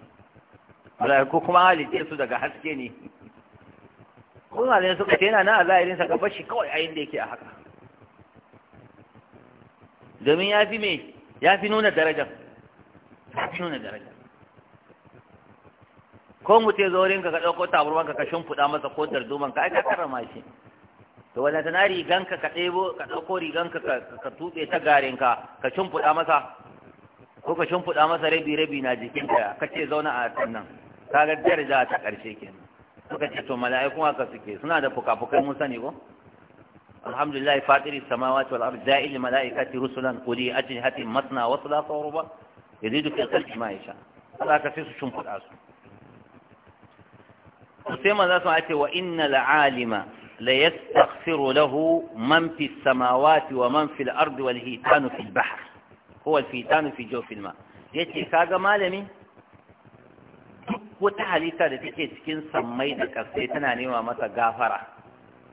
Mala'iku kuma halice su daga haske ne wasu ne suka ce yana nan a ka bashi kawai a inda yake a haka domin ya fi mai ya fi nuna darajar ya fi nuna darajar ko mu zo rinka ka ɗauko taburman ka ka shimfiɗa masa ko darduman ka aka karama shi to wanda tana rigan ka ɗebo ka ɗauko rigan ka tuɓe ta garin ka shimfiɗa masa ko ka shimfiɗa masa rabi rabi na jikinka ka ce zauna a sannan ga daraja ta ƙarshe kenan وكتشتو ملائكو وكسكي سنة دفوكا فوكا موسى نيكو الحمد لله فاتر السماوات والأرض زائل لملائكة رسلا قولي أجل هاتي مطنى وصلاة وربا يزيد في القلق ما يشاء الله كسيس شمك العاصم وسيما ذاتو آتي وإن العالم ليستغفر له من في السماوات ومن في الأرض والهيتان في البحر هو الفيتان في جوف الماء يتي كاغا مالمي duk wata halitta da take cikin sammai da ƙasai tana nema masa gafara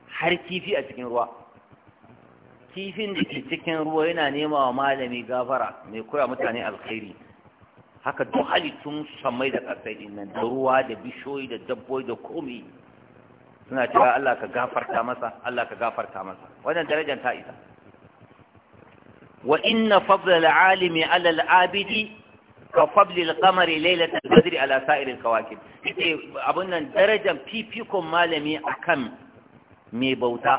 har kifi a cikin ruwa kifin da ke cikin ruwa yana nema wa malami gafara mai koya mutane alkhairi haka duk halittun sammai da ƙasai din nan da ruwa da bishoyi da dabbobi da komai suna cewa Allah ka gafarta masa Allah ka gafarta masa wannan darajar ta isa wa inna fadl al-alimi ala al-abidi ka fabli al-qamari lailatul badri ala sa'iril kawakib yace abun nan darajar fifikon malami akan mai bauta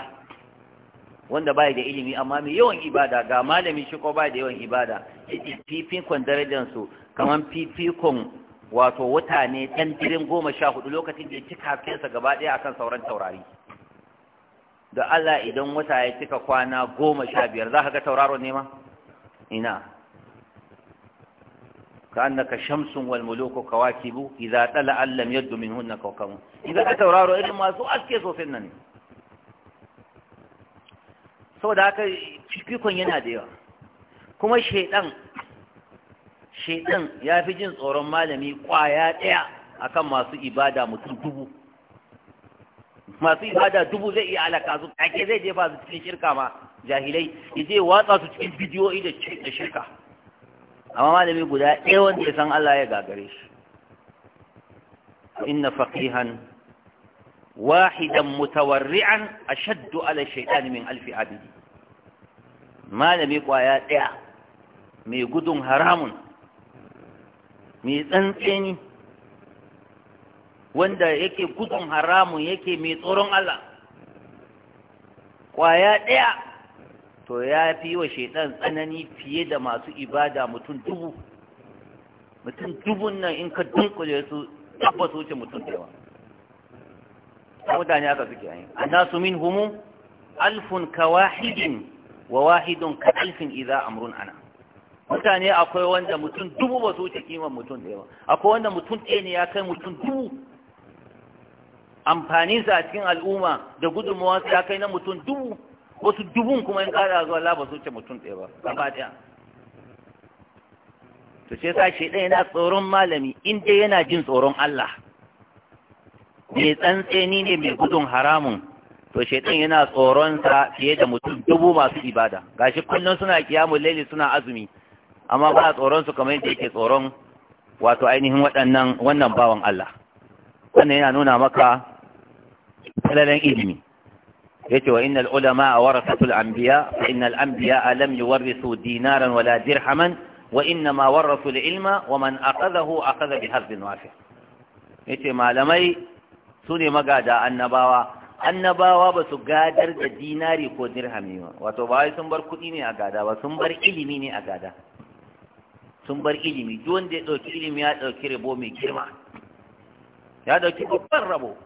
wanda bai da ilimi amma mai yawan ibada ga malami shi ko bai da yawan ibada yace fifikon darajar su kaman fifikon wato wata ne ɗan dirin goma sha hudu lokacin da ya cika gaba ɗaya akan sauran taurari da Allah idan wata ya cika kwana goma sha biyar za ka ga tauraron ne ma ina كأنك شمس والملوك كواكب إذا طلع لم يد منهن كوكب إذا كتورارو إلي ما سوء أسكيسو سنن سو داك شكيكون ينادي كما شيطان shaidan ya fi jin tsoron malami kwaya ɗaya akan masu ibada mutum dubu masu ibada dubu zai iya alaka su kake zai jefa su cikin shirka ma jahilai ya je watsa su cikin bidiyoyi da shirka amma malami guda ɗaya wanda ya san Allah ya gagare shi inna faqihan wahidan mutawarri'an ashaddu ala shaytan min alfi abidi malami kwaya ɗaya mai gudun haramun mai tsantseni wanda yake gudun haramun yake mai tsoron Allah kwaya ɗaya to ya fi wa shaidan tsanani fiye da masu ibada mutum dubu mutum dubun nan in ka dunkule su tabbas wuce mutum da yawa mutane aka suke yi annasu min humu alfun ka wahidin wa wahidun ka alfin idza amrun ana mutane akwai wanda mutum dubu ba su wuce kiman mutum da yawa akwai wanda mutum ɗaya ne ya kai mutum dubu amfaninsa a cikin al'umma da gudunmawarsa ya kai na mutum dubu wasu dubun kuma in ƙara zuwa la ba su ce mutum ɗaya ba gaba ɗaya to sai sa shi ɗaya na tsoron malami in dai yana jin tsoron Allah mai tsantseni ne mai gudun haramun to shaitan yana tsoron tsoronsa fiye da mutum dubu masu ibada gashi kullum suna kiyamun laili suna azumi amma ba su kamar yadda yake tsoron wato ainihin waɗannan wannan bawan Allah wannan yana nuna maka falalan ilimi yace wa innal ulama warasatul anbiya biya innal anbiya lam yuwarrisu dinaran wala dirhaman wa innama warasu al-ilma wa man akhadahu akhadha bi hazzin wafi malamai annabawa annabawa ba su gadar da dinari ko dirhami ba wato ba sun bar kuɗi ne a gada ba sun bar ilimi ne a gada sun bar ilimi duk wanda ya ɗauki ilimi ya ɗauki rabo mai girma ya ɗauki babban rabo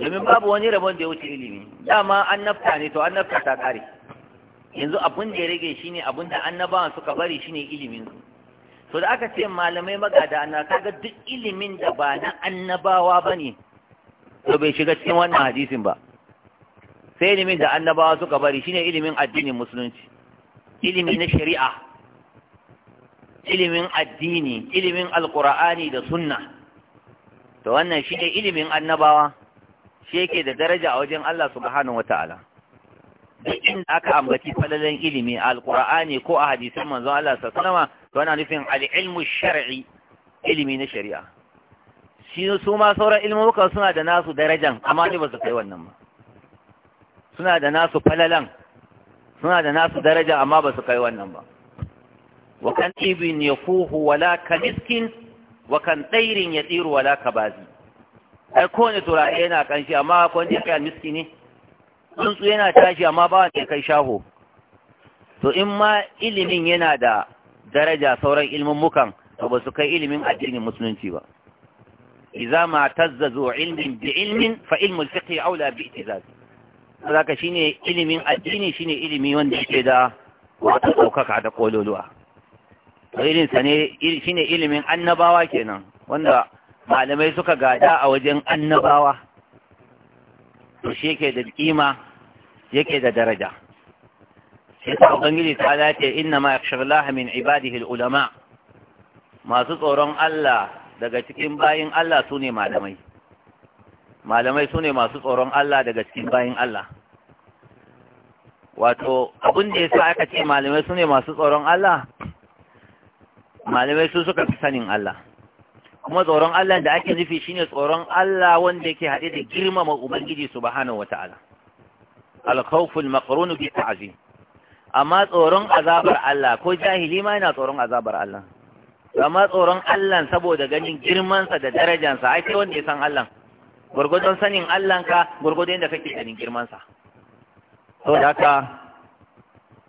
domin babu wani rabon da ya wuce ilimi dama annabta ne to annabta ta kare yanzu abin da ya rage shine abin da annabawan suka bari shine ilimin su to da aka ce malamai magada na kaga duk ilimin da ba na annabawa bane to bai shiga cikin wannan hadisin ba sai ilimin da annabawa suka bari shine ilimin addinin musulunci ilimi na shari'a ilimin addini ilimin alqur'ani da sunna to wannan shine ilimin annabawa shi yake da daraja a wajen Allah subhanahu wataala duk inda aka ambaci falalan ilimi a alqur'ani ko a hadisin manzon Allah sallallahu alaihi to ana nufin al-ilmu shar'i ilimi na shari'a shi su ma sauran ilmuka suna da nasu darajan amma ne ba su kai wannan ba suna da nasu falalan suna da nasu daraja amma ba su kai wannan ba wa kan ibin yafuhu wala kamiskin wa kan tsairin ya tsiru wala kabazi ai kowane turare yana kanshi amma akwai ya kai miski ne tsuntsu yana tashi amma ba wanda ya kai shaho to in ma ilimin yana da daraja sauran ilimin mukan to ba su kai ilimin addinin musulunci ba idza ma tazzazu ilmin bi ilmin fa ilmul fiqh aula bi ittizaz zaka shine ilimin addini shine ilimi wanda yake da wato daukaka da kololuwa to irin sane shine ilimin annabawa kenan wanda malamai suka gada a wajen annabawa to shi yake da kima yake da daraja shi ta ubangiji ta dace inna ma yakhshallaha min ibadihi alulama masu tsoron Allah daga cikin bayin Allah sune malamai malamai sune masu tsoron Allah daga cikin bayin Allah wato abin da yasa aka ce malamai sune masu tsoron Allah malamai su suka fi sanin Allah kuma tsoron Allah da ake nufi shine tsoron Allah wanda yake haɗe da girmama ubangiji subhanahu wataala al-khawful maqrun bi ta'zim amma tsoron azabar Allah ko jahili ma yana tsoron azabar Allah amma tsoron Allah saboda ganin girmansa da darajansa ai sai wanda ya san Allah gurgudun sanin Allah ka gurgudun da kake ganin girmansa da haka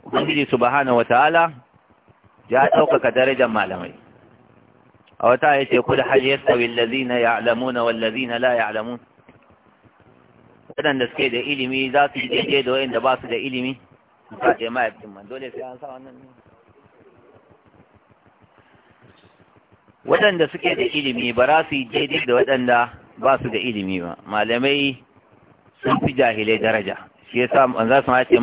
ubangiji subhanahu wataala ya ɗaukaka darajar malamai a wata ya ce kul hal yastawi allazina ya'lamuna wallazina la ya'lamun waɗanda suke da ilimi za su yi daidai da waɗanda ba su da ilimi ba ce mahaifin man dole sai an sa wannan waɗanda suke da ilimi ba su yi daidai da waɗanda ba su da ilimi ba malamai sun fi jahilai daraja shi ya sa an za su ma ce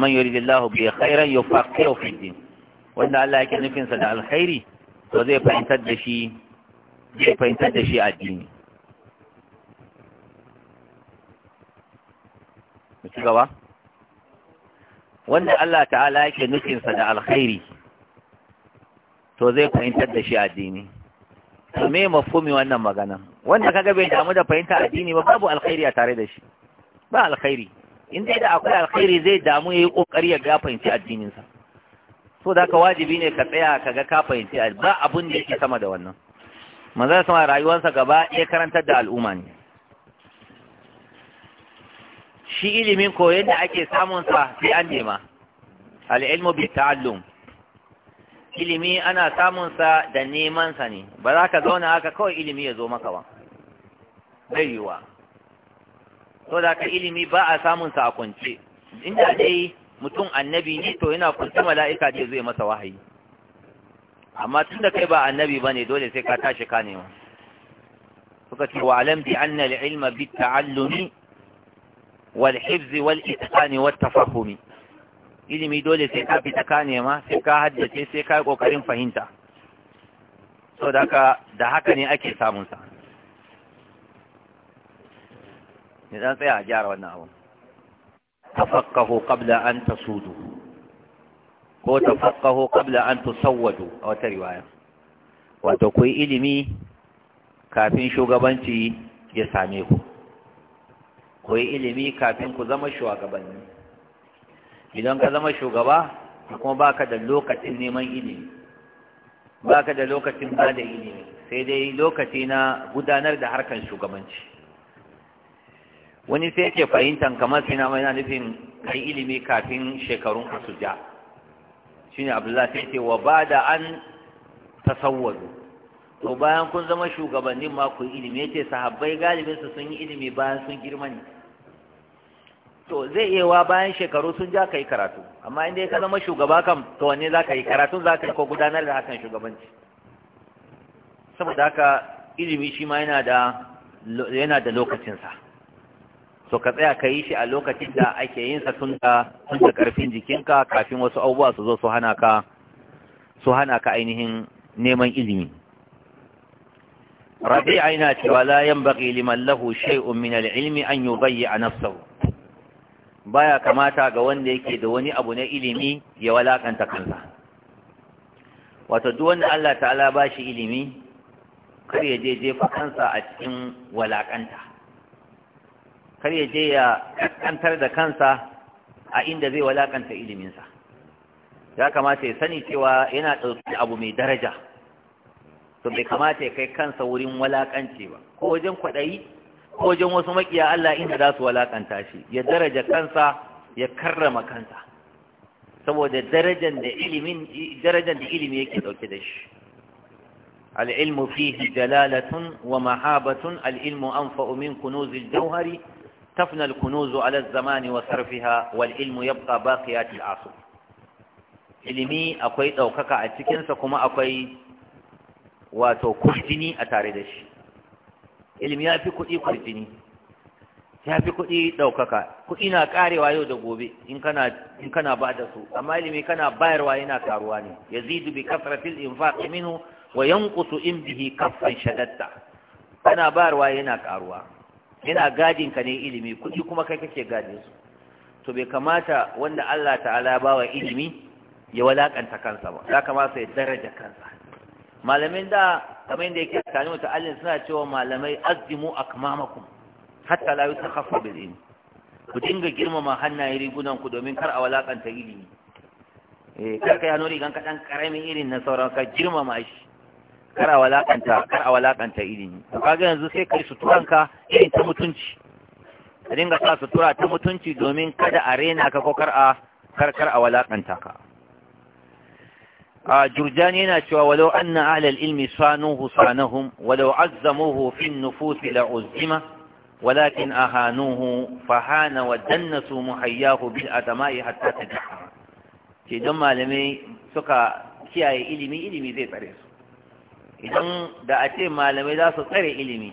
wanda Allah ke nufinsa da alkhairi to zai fahimtar da shi zai fahimtar da shi addini ci gaba wanda Allah ta'ala yake nufinsa da alkhairi to zai fahimtar da shi addini to me mafumi wannan magana wanda kaga bai damu da fahimta addini ba babu alkhairi a tare da shi ba alkhairi in dai da akwai alkhairi zai damu ya yi kokari ya ga fahimci addininsa. so da ka wajibi ne ka tsaya ka ga ka fahimci ba abun da yake sama da wannan manzon sama rayuwarsa gaba ya karantar da al'umma ne shi ilimin koyon da ake samun sa sai an nema al'ilmu bi ta'allum ilimi ana samun sa da neman sa ne ba za ka zauna haka kawai ilimi ya zo maka ba bai yiwa to da ka ilimi ba a samun sa a kunce inda dai mutum annabi ne to yana kunce mala'ika da zai masa wahayi amma tun da kai ba annabi ba ne dole sai ka tashi ka nema suka ce wa alam bi anna al-ilma bi ta'allumi wal hifz wal itqani wat tafahumi ilimi dole sai ka bi ka nema sai ka haddace sai ka kokarin fahimta da haka da haka ne ake samun sa ne dan tsaya a gyara wannan abu tafaqahu qabla an tasudu ko ta tafaqahu kabla an tusawwadu a wata riwaya wato ku ilimi kafin shugabanci ya same ku ku ilimi kafin ku zama shugabanni idan ka zama shugaba kuma ba ka da lokacin neman ilimi Ba ka da lokacin ba da ilimi sai dai lokaci na gudanar da harkar shugabanci wani sai ke fahimtar kamar sai na mai na nufin kai ilimi kafin shekarun su ja shine abdullahi sai ce wa bada an tasawwadu to bayan kun zama shugabannin ma ku ilimi yace sahabbai galibin su sun yi ilimi bayan sun girma ne to zai iya wa bayan shekaru sun ja kai karatu amma inda ka zama shugaba kam to wanne za ka yi karatun za ka yi ko gudanar da hakan shugabanci saboda haka ilimi shi ma yana da yana da lokacinsa so ka tsaya ka yi shi a lokacin da ake yin sa tun da tun da karfin jikinka kafin wasu abubuwa su zo su hana ka su hana ka ainihin neman ilimi. rabi'a yana cewa la yanbaghi liman lahu shay'un min al-ilmi an yudayya nafsahu baya kamata ga wanda yake da wani abu na ilimi ya walakanta kansa wato duk wanda Allah ta'ala ba shi ilimi kar ya je jefa kansa a cikin walakanta kar ya je ya kantar da kansa a inda zai walakanta iliminsa ya kamata ya sani cewa yana ɗauki abu mai daraja to bai kamata ya kai kansa wurin walakance ba ko wajen kwaɗayi ko wajen wasu makiya Allah inda za su walakanta shi ya daraja kansa ya karrama kansa saboda darajar da ilimin darajar da ilimi yake dauke da shi al-ilmu fihi jalalatun wa mahabatun al-ilmu anfa'u min kunuzil jawhari تفنى الكنوز على الزمان وصرفها والعلم يبقى باقيات العصر ilimi akwai ɗaukaka a cikinsa kuma akwai wato kurjini a tare da shi ilimi ya fi kuɗi kurjini ya fi kuɗi ɗaukaka kuɗi na ƙarewa yau da gobe in kana ba da su amma ilimi kana bayarwa yana karuwa ne ya zidu bi kasratil infaq minhu wa yanqusu in bihi kaffan shadatta kana bayarwa yana karuwa yana gadin ka ne ilimi kuɗi kuma kai kake gadin su to bai kamata wanda Allah ta'ala ba wa ilimi ya walakanta kansa ba ya kamata ya daraja kansa malamin da kamar yadda yake tsakanin muta'allin suna cewa malamai azdimu akmamakum hatta la yutakhaffa bil ilmi ku dinga girmama hannaye rigunan ku domin kar a walakanta ilimi eh kar ka yano rigan ka dan karamin irin na sauran ka girmama shi kar a walakanta ilimi to kaga yanzu sai kai suturanka irin ta mutunci ka dinga sa sutura ta mutunci domin kada a rena ka ko kar a karkar a walakanta ka a jurjani yana cewa walau na alal ilmi sanuhu sanahum walau azzamuhu fi nufus la uzzima ولكن su فهان ودنسوا محياه hatta ta تجحر في don malamai suka kiyaye ilimi ilimi zai tsare su idan da a ce malamai za su tsare ilimi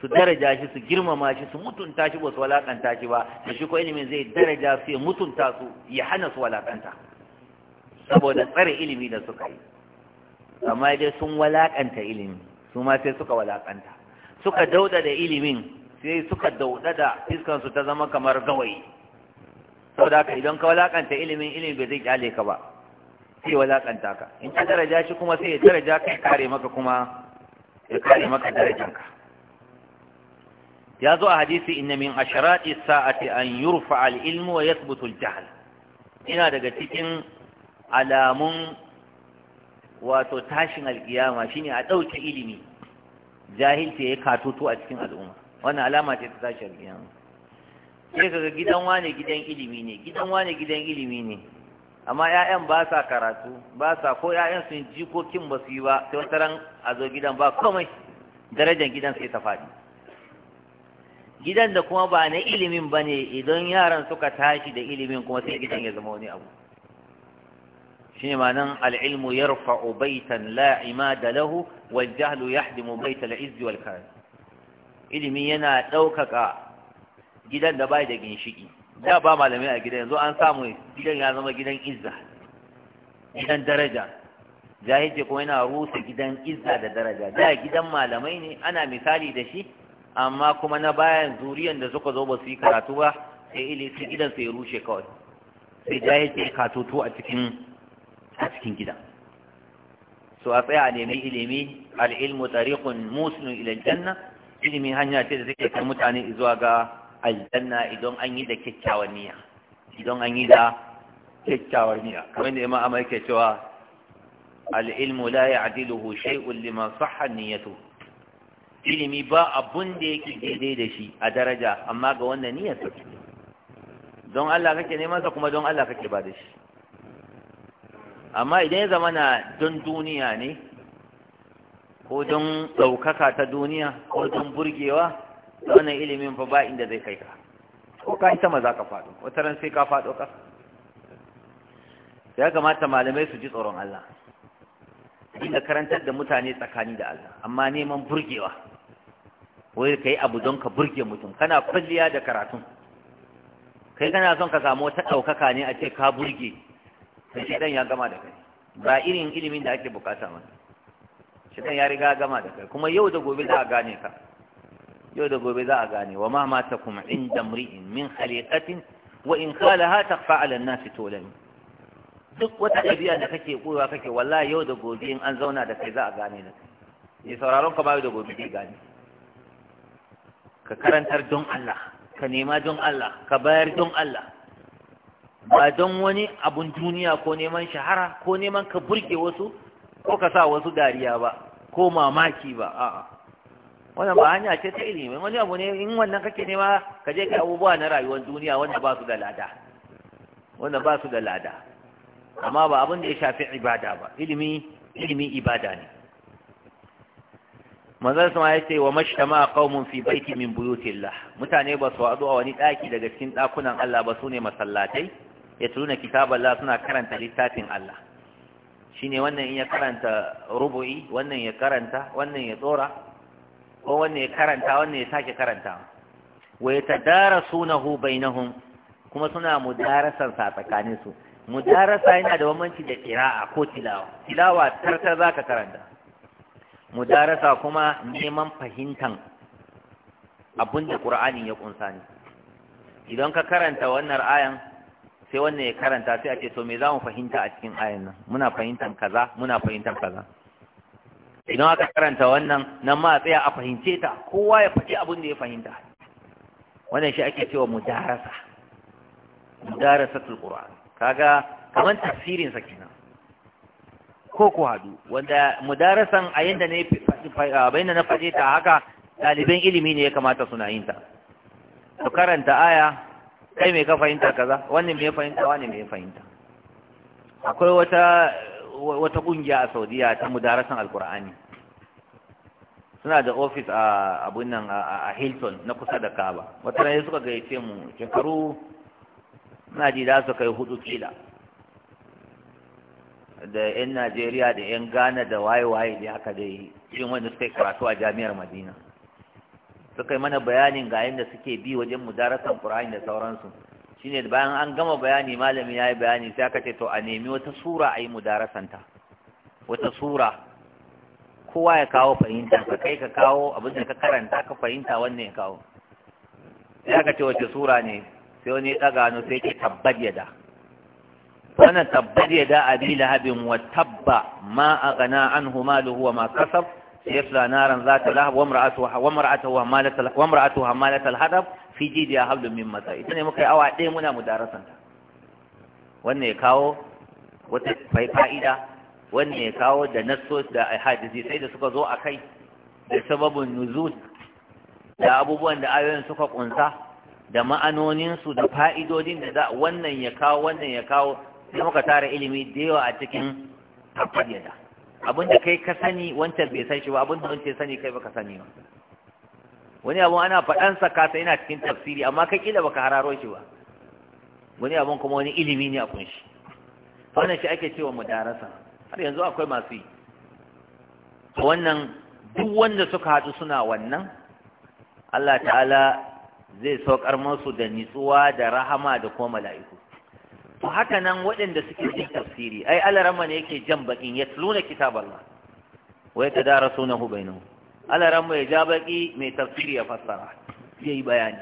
su daraja shi su girmama shi su mutunta shi ba su walakanta shi ba da shi ko ilimin zai daraja su ya mutunta su ya hana su walakanta saboda tsare ilimi da suka yi amma dai sun walakanta ilimi su ma sai suka walakanta suka dauda da ilimin sai suka dauda da iskansu ta zama kamar gawayi saboda haka idan ka walakanta ilimin ilimin bai zai kyale ka ba sai walakanta ka in ka daraja shi kuma sai ya daraja ka kare maka kuma ya kare maka darajanka ya zo a hadisi inna min asharati sa'ati an yurfa al-ilmu wa yathbutu al-jahl ina daga cikin alamun wato tashin alkiyama shine a dauke ilimi jahilci ya katutu a cikin al'umma wannan alama ce ta tashin alkiyama sai kaga gidan wane gidan ilimi ne gidan wane gidan ilimi ne amma ƴaƴan ba sa karatu ba sa ko ƴaƴan sun ji jikokin ba su yi ba sai wata ran a zo gidan ba komai darajar gidan sai ta faɗi gidan da kuma ba na ilimin ba ne idan yaran suka tashi da ilimin kuma sai gidan ya zama wani abu shine ma'anan al'ilmu ya rufa ubaitan la'ima da lahu wal jahlu yahdimu baital izi wal kare ilimi yana ɗaukaka gidan da bai da ginshiƙi. da ba malamai a gidan yanzu an samu gidan ya zama gidan izza gidan daraja jahilci kuma yana rusa gidan izza da daraja da gidan malamai ne ana misali da shi amma kuma na bayan zuriyan da suka zo ba su yi karatu ba sai ile su gidan sai rushe kawai sai ce ya katoto a cikin a cikin gidan so a tsaya a nemi ilimi al-ilmu tariqun muslim ila janna ilimi hanya ce da take kai mutane zuwa ga aljanna idan an yi da kyakkyawar niyya idan an yi da kyakkyawar niyya kamar da imam amai yake cewa al'ilmu la ya'diluhu shay'un liman sahha niyyatu ilimi ba abun da yake daidai da shi a daraja amma ga wannan niyyar ta don Allah kake neman sa kuma don Allah kake ba da shi amma idan ya zama na don duniya ne ko don ɗaukaka ta duniya ko don burgewa da wannan ilimin fa ba inda zai kai ka ko ka ita ma za ka faɗo wata ran sai ka faɗo ƙasa ya kamata malamai su ji tsoron Allah inda karantar da mutane tsakani da Allah amma neman burgewa wai kai yi abu don ka burge mutum kana kwalliya da karatun kai kana son ka samu wata ɗaukaka ne a ce ka burge sai shidan ya gama da kai ba irin ilimin da ake bukata mana shidan ya riga gama da kai kuma yau da gobe za a gane ka yau da gobe za a gane wa ma mata kuma inda mri'in min halittatin, wa in khalaha taqfa 'ala an-nasi tulami duk wata ɗabi'a da kake koyawa kake wallahi yau da gobe in an zauna da kai za a gane da kai ne sauraron ka yau da gobe zai gane ka karantar don Allah ka nema don Allah ka bayar don Allah ba don wani abun duniya ko neman shahara ko neman ka burge wasu ko ka sa wasu dariya ba ko mamaki ba a'a wannan ba hanya ce ta ilimi wani abu ne in wannan kake nema ka je ka abubuwa na rayuwar duniya wanda ba su da lada wanda ba su da lada amma ba abin da ya shafi ibada ba ilimi ilimi ibada ne manzon sama ya ce wa mashtama qaumun fi baiti min buyutillah mutane ba su haɗu a wani ɗaki daga cikin ɗakunan Allah ba su ne masallatai ya tuna kitaballah suna karanta littafin Allah shine wannan in ya karanta rubu'i wannan ya karanta wannan ya tsora ko wanne ya karanta wanne ya sake karanta wa yatadarasunahu bainahum kuma suna mudarasan sa tsakanin su mudarasa yana da bambanci da qira'a ko tilawa tilawa tartar zaka karanta mudarasa kuma neman fahimtan abin da qur'ani ya kunsa ne idan ka karanta wannan ayan sai wanne ya karanta sai a ce to me za mu fahimta a cikin ayan nan muna fahimtan kaza muna fahimtan kaza idan aka karanta wannan nan ma tsaya a fahimce ta kowa ya faɗi abin da ya fahimta wannan shi ake cewa mudarasa Mudarasa qur'an kaga kamar tafsirin sa kenan ko ku hadu wanda mudarasan a yanda ne bayyana na faɗe ta haka ɗaliban ilimi ne ya kamata suna yin ta to karanta aya kai me ka fahimta kaza wannan me ya fahimta wannan me ya fahimta akwai wata wata kungiya a saudiya ta mudarasan alkur'ani suna da ofis a abun nan a hilton na kusa da kaba wata ranar suka gaice mu shekaru na ji da su kai hudu kila da 'yan najeriya da 'yan ghana da waye-waye da haka dai irin wanda suka yi karatu a jami'ar madina suka yi mana bayanin ga yadda suke bi wajen mudarasan kur'ani da sauransu shine bayan an gama bayani malami yayi bayani sai aka ce to a nemi wata sura ayi mudarasanta wata sura kowa ya kawo fahimta ka kai ka kawo abin da ka karanta ka fahimta wannan ya kawo sai aka ce wata sura ne sai wani ya daga hannu sai ke tabbat yada wannan tabbat yada abi lahabin wa tabba ma aghna anhu maluhu wa ma kasab yasla naran zata lahab wa mar'atuha wa mar'atuha hamalatal wa mar'atuha hamalatal hadab fi jidiha hablum min masai ita ne muka yi awa ɗaya muna mudarasan ta wannan ya kawo wata fai fa'ida wannan ya kawo da nassos da ahadisi sai da suka zo a kai da sababin nuzul da abubuwan da ayoyin suka kunsa da ma'anonin su da fa'idodin da za wannan ya kawo wannan ya kawo sai muka tara ilimi da yawa a cikin tabbiyar abinda kai ka sani wancan bai san shi ba abinda wancan sani kai baka sani ba wani abu ana faɗan sa ka sai yana cikin tafsiri amma kai kila baka hararo shi ba wani abun kuma wani ilimi ne a kunshi wannan shi ake cewa mudarasa har yanzu akwai masu yi wannan duk wanda suka haɗu suna wannan Allah ta'ala zai saukar musu da nitsuwa da rahama da kuma mala'iku fa haka nan waɗanda suke jin tafsiri ai alarama ne yake jan bakin ya tsuluna kitab Allah wa ya tadara sunahu bainahu alarama ya ja baki mai tafsiri ya fassara ya yi bayani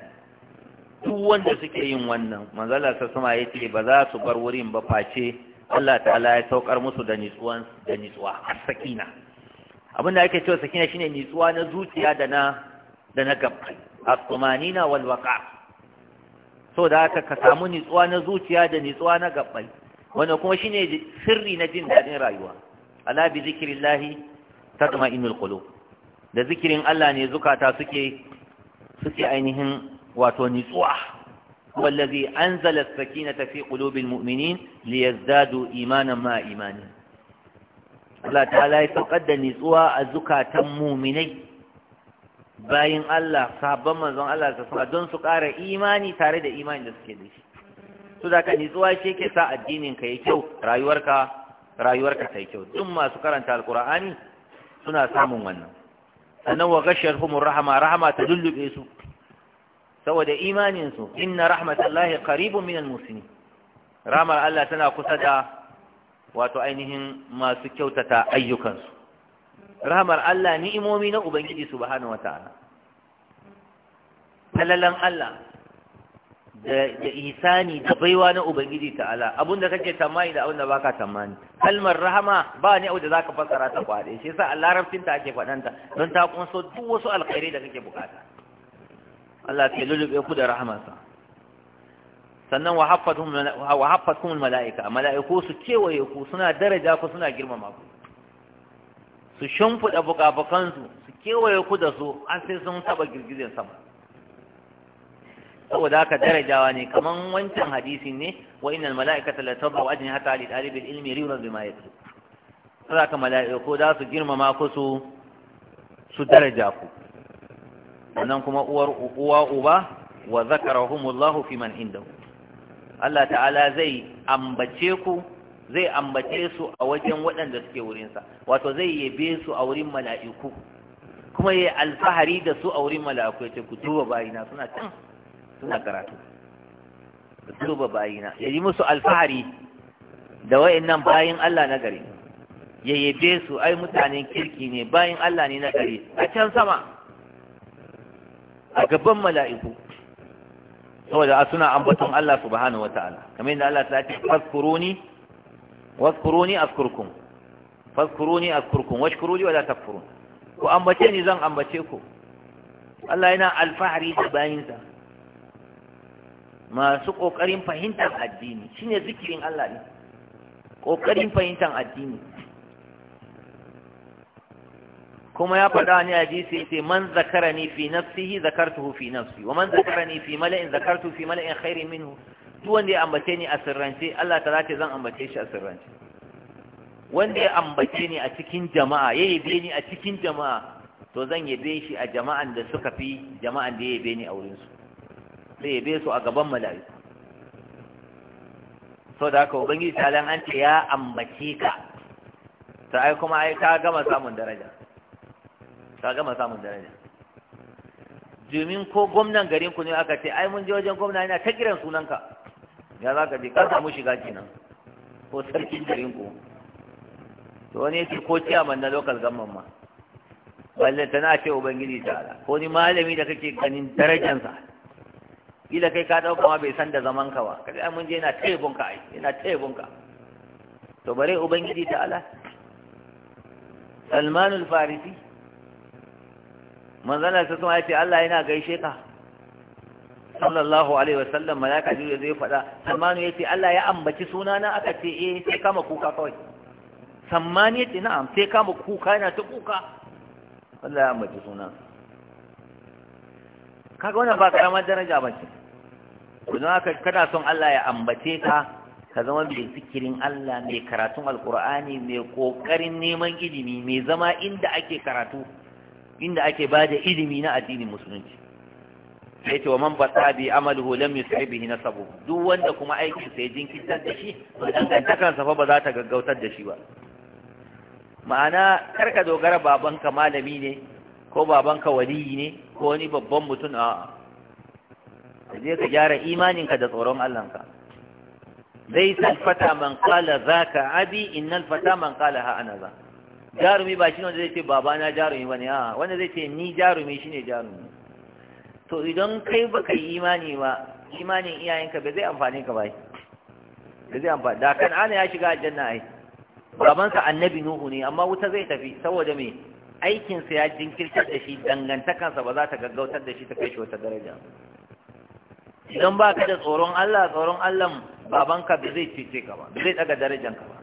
duk wanda suke yin wannan manzala ta sama ya ce ba za su bar wurin ba face Allah ta'ala ya saukar musu da nitsuwan da nitsuwa har sakina abin da ake cewa sakina shine nitsuwa na zuciya da na da na gabbai asmanina wal saboda haka ka samu nitsuwa na zuciya da nitsuwa na gabbai wanda kuma shine sirri na jin daɗin rayuwa ala bi zikrillahi tatma'innul qulub da zikirin Allah ne zukata suke suke ainihin wato nitsuwa wallazi anzala as-sakinata fi qulubil mu'minin liyazdadu imanan ma imani Allah ta'ala ya faƙar da nitsuwa a zukatan muminai bayin Allah sabon manzon Allah su suna don su ƙara imani tare da imani da suke da shi su da ka nitsuwa shi ke sa addinin ka yi kyau rayuwarka rayuwarka ta yi kyau duk masu karanta alkur'ani suna samun wannan sannan wa gashiyar humur rahama rahama ta lullube su saboda imanin su inna rahmatullahi qaribun minal muslimin rahmar Allah tana kusa da wato ainihin masu kyautata ayyukansu rahmar Allah ni'imomi na ubangiji subhanahu ta'ala talalan Allah da ihsani da baiwa na ubangiji ta'ala abinda kake tamani da abinda baka tamani kalmar rahama ba ne abu da zaka fassara ta kwade shi yasa Allah rafin ta ake fadanta don ta kunso duk wasu alkhairi da kake bukata Allah ke lulube ku da rahamarsa sannan wa haffatum mala'ika. malaiku su kewaye ku suna daraja ku suna girmama ku su shimfiɗa fukafukansu su kewaye ku da su an sai sun taɓa girgizar sama saboda haka darajawa ne kaman wancan hadisi ne wa innal mala'ikata la tabu ajni hatta li talibil ilmi riwan bima yatlu saboda haka mala'iku za su girmama ku su su daraja ku sannan kuma uwar uwa uba wa zakarahumullahu fi man indahu Allah ta'ala zai ambace ku zai ambace su a wajen waɗanda suke wurinsa wato zai yabe su a wurin mala'iku kuma ya alfahari da su a wurin mala'iku ya ce ku duba bayina suna can suna karatu ku duba bayina ya yi musu alfahari da nan bayin Allah na gari ya yabe su ai mutanen kirki ne bayin Allah ne na gari a can sama a gaban mala'iku saboda suna ambaton Allah subhanahu wataala kamar yadda Allah ta ce fakuruni waskuruni askurkum faskuruni askurkum washkuruni wala takfurun ku ambace ni zan ambace ku Allah yana alfahari da bayinsa masu kokarin fahimtar addini shine zikirin Allah ne kokarin fahimtar addini kuma ya faɗa ni sai, sai man zakarani fi nafsihi zakartuhu fi nafsi wa man zakarani fi mala'in zakartu fi mala'in khairin minhu duk wanda ya ambace ni a sirrance Allah ta ce zan ambace shi a sirrance wanda ya ambace ni a cikin jama'a ya yabe ni a cikin jama'a to zan yabe shi a jama'an da suka fi jama'an da ya yabe ni a wurin su ya yabe su a gaban malayu sau da haka ubangiji talan an ce ya ambace ka ta ai kuma ai ta gama samun daraja ta gama samun daraja domin ko gwamnan garin ku ne aka ce ai mun je wajen gwamna yana ta kiran sunanka ya za ka je ka samu shiga kenan ko sarkin jirin ku to wani yake ko ciyaman na local government ma balle na ce ubangiji ala ko ni malami da kake ganin darajansa kila kai ka dauka ma bai san da zaman ka ba kaga mun je yana taya bunka ai yana taya bunka to bare ubangiji ta'ala Salmanul Farisi manzala sai kuma yace Allah yana gaishe ka sallallahu alaihi wasallam kaji jibril zai faɗa sammanu yace Allah ya ambaci sunana aka ce eh sai kama kuka kawai sammani yace na'am sai kama kuka yana ta kuka Allah ya ambaci sunan kaga wannan ba karamar daraja ba ce aka kana son Allah ya ambace ka ka zama mai zikirin Allah mai karatun alkur'ani mai kokarin neman ilimi mai zama inda ake karatu inda ake bada ilimi na addinin musulunci sai ce wa man bata bi amaluhu lam yusri bihi nasabu duk wanda kuma aikin sa ya jinkirtar da shi to dangantakar sa fa ba za ta gaggautar da shi ba ma'ana karka dogara babanka malami ne ko babanka waliyi ne ko wani babban mutum a ka je ka gyara imaninka da tsoron Allahnka zai salfata man kala zaka abi innal fata man kala ha ana za jarumi ba shi ne wanda zai ce babana jarumi ba ne. a wanda zai ce ni jarumi shine jarumi to idan kai baka yi imani ba imanin iyayenka ba zai amfani ka bai ba zai amfani da kan ana ya shiga aljanna ai babansa annabi nuhu ne amma wuta zai tafi saboda me aikinsa ya jinkirtar da shi dangantakansa ba za ta gaggautar da shi ta kai shi wata daraja idan ba ka da tsoron Allah tsoron Allah babanka ba zai cece ka ba zai daga darajanka ba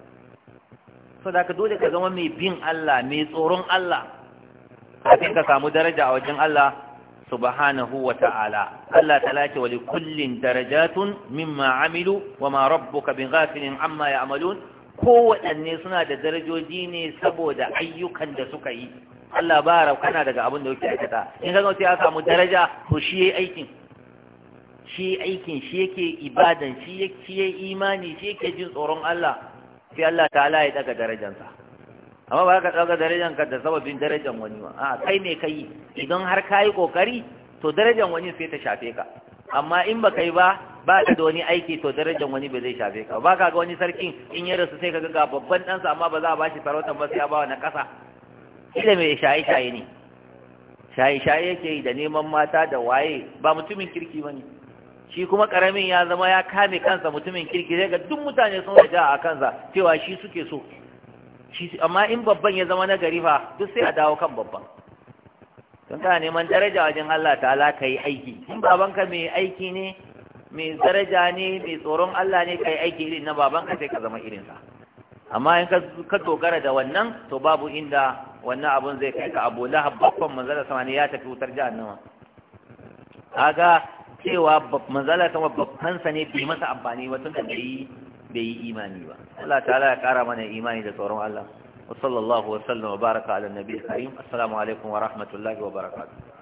To da ka dole ka zama mai bin Allah mai tsoron Allah kafin ka samu daraja a wajen Allah subhanahu wa ta'ala Allah talaki wa likullin darajatun mimma amilu wa ma rabbuka bin gafinin amma ya'malun kowaɗanne suna da darajoji ne saboda ayyukan da suka yi Allah ba raukana daga abin da yake aikata in ka sai ya samu daraja to shi yayi aikin shi aikin shi yake ibadan shi yake imani shi yake jin tsoron Allah sai Allah ta'ala ya daga darajarsa amma ba ka ɗauka darajar da sababin darajan wani ba a kai ne kai idan har ka yi ƙoƙari to darajar wani sai ta shafe ka amma in ba kai ba ba ka da wani aiki to darajar wani ba zai shafe ka ba ka ga wani sarkin in ya rasu sai ka ga babban ɗansa amma ba za a ba shi sarautar ba sai a ba na ƙasa ila mai shaye-shaye ne shaye-shaye yake da neman mata da waye ba mutumin kirki ba ne shi kuma ƙaramin ya zama ya kame kansa mutumin kirki zai ga duk mutane sun raja a kansa cewa shi suke so shi amma in babban ya zama nagari fa duk sai a dawo kan babban don kana neman daraja wajen Allah ta ala ka yi aiki in babanka mai aiki ne mai daraja ne mai tsoron Allah ne ka yi aiki irin na babanka sai ka zama irinsa amma in ka dogara da wannan to babu inda wannan abun zai kai ka abu lahab babban manzala sama ne ya tafi wutar jahannama kaga cewa manzala sama babbansa ne bai masa amfani ba tun da bai bai yi imani ba Allah ta'ala ya kara mana imani da tsoron Allah wa sallallahu wa baraka ala nabiyil karim assalamu alaikum wa rahmatullahi wa barakatuh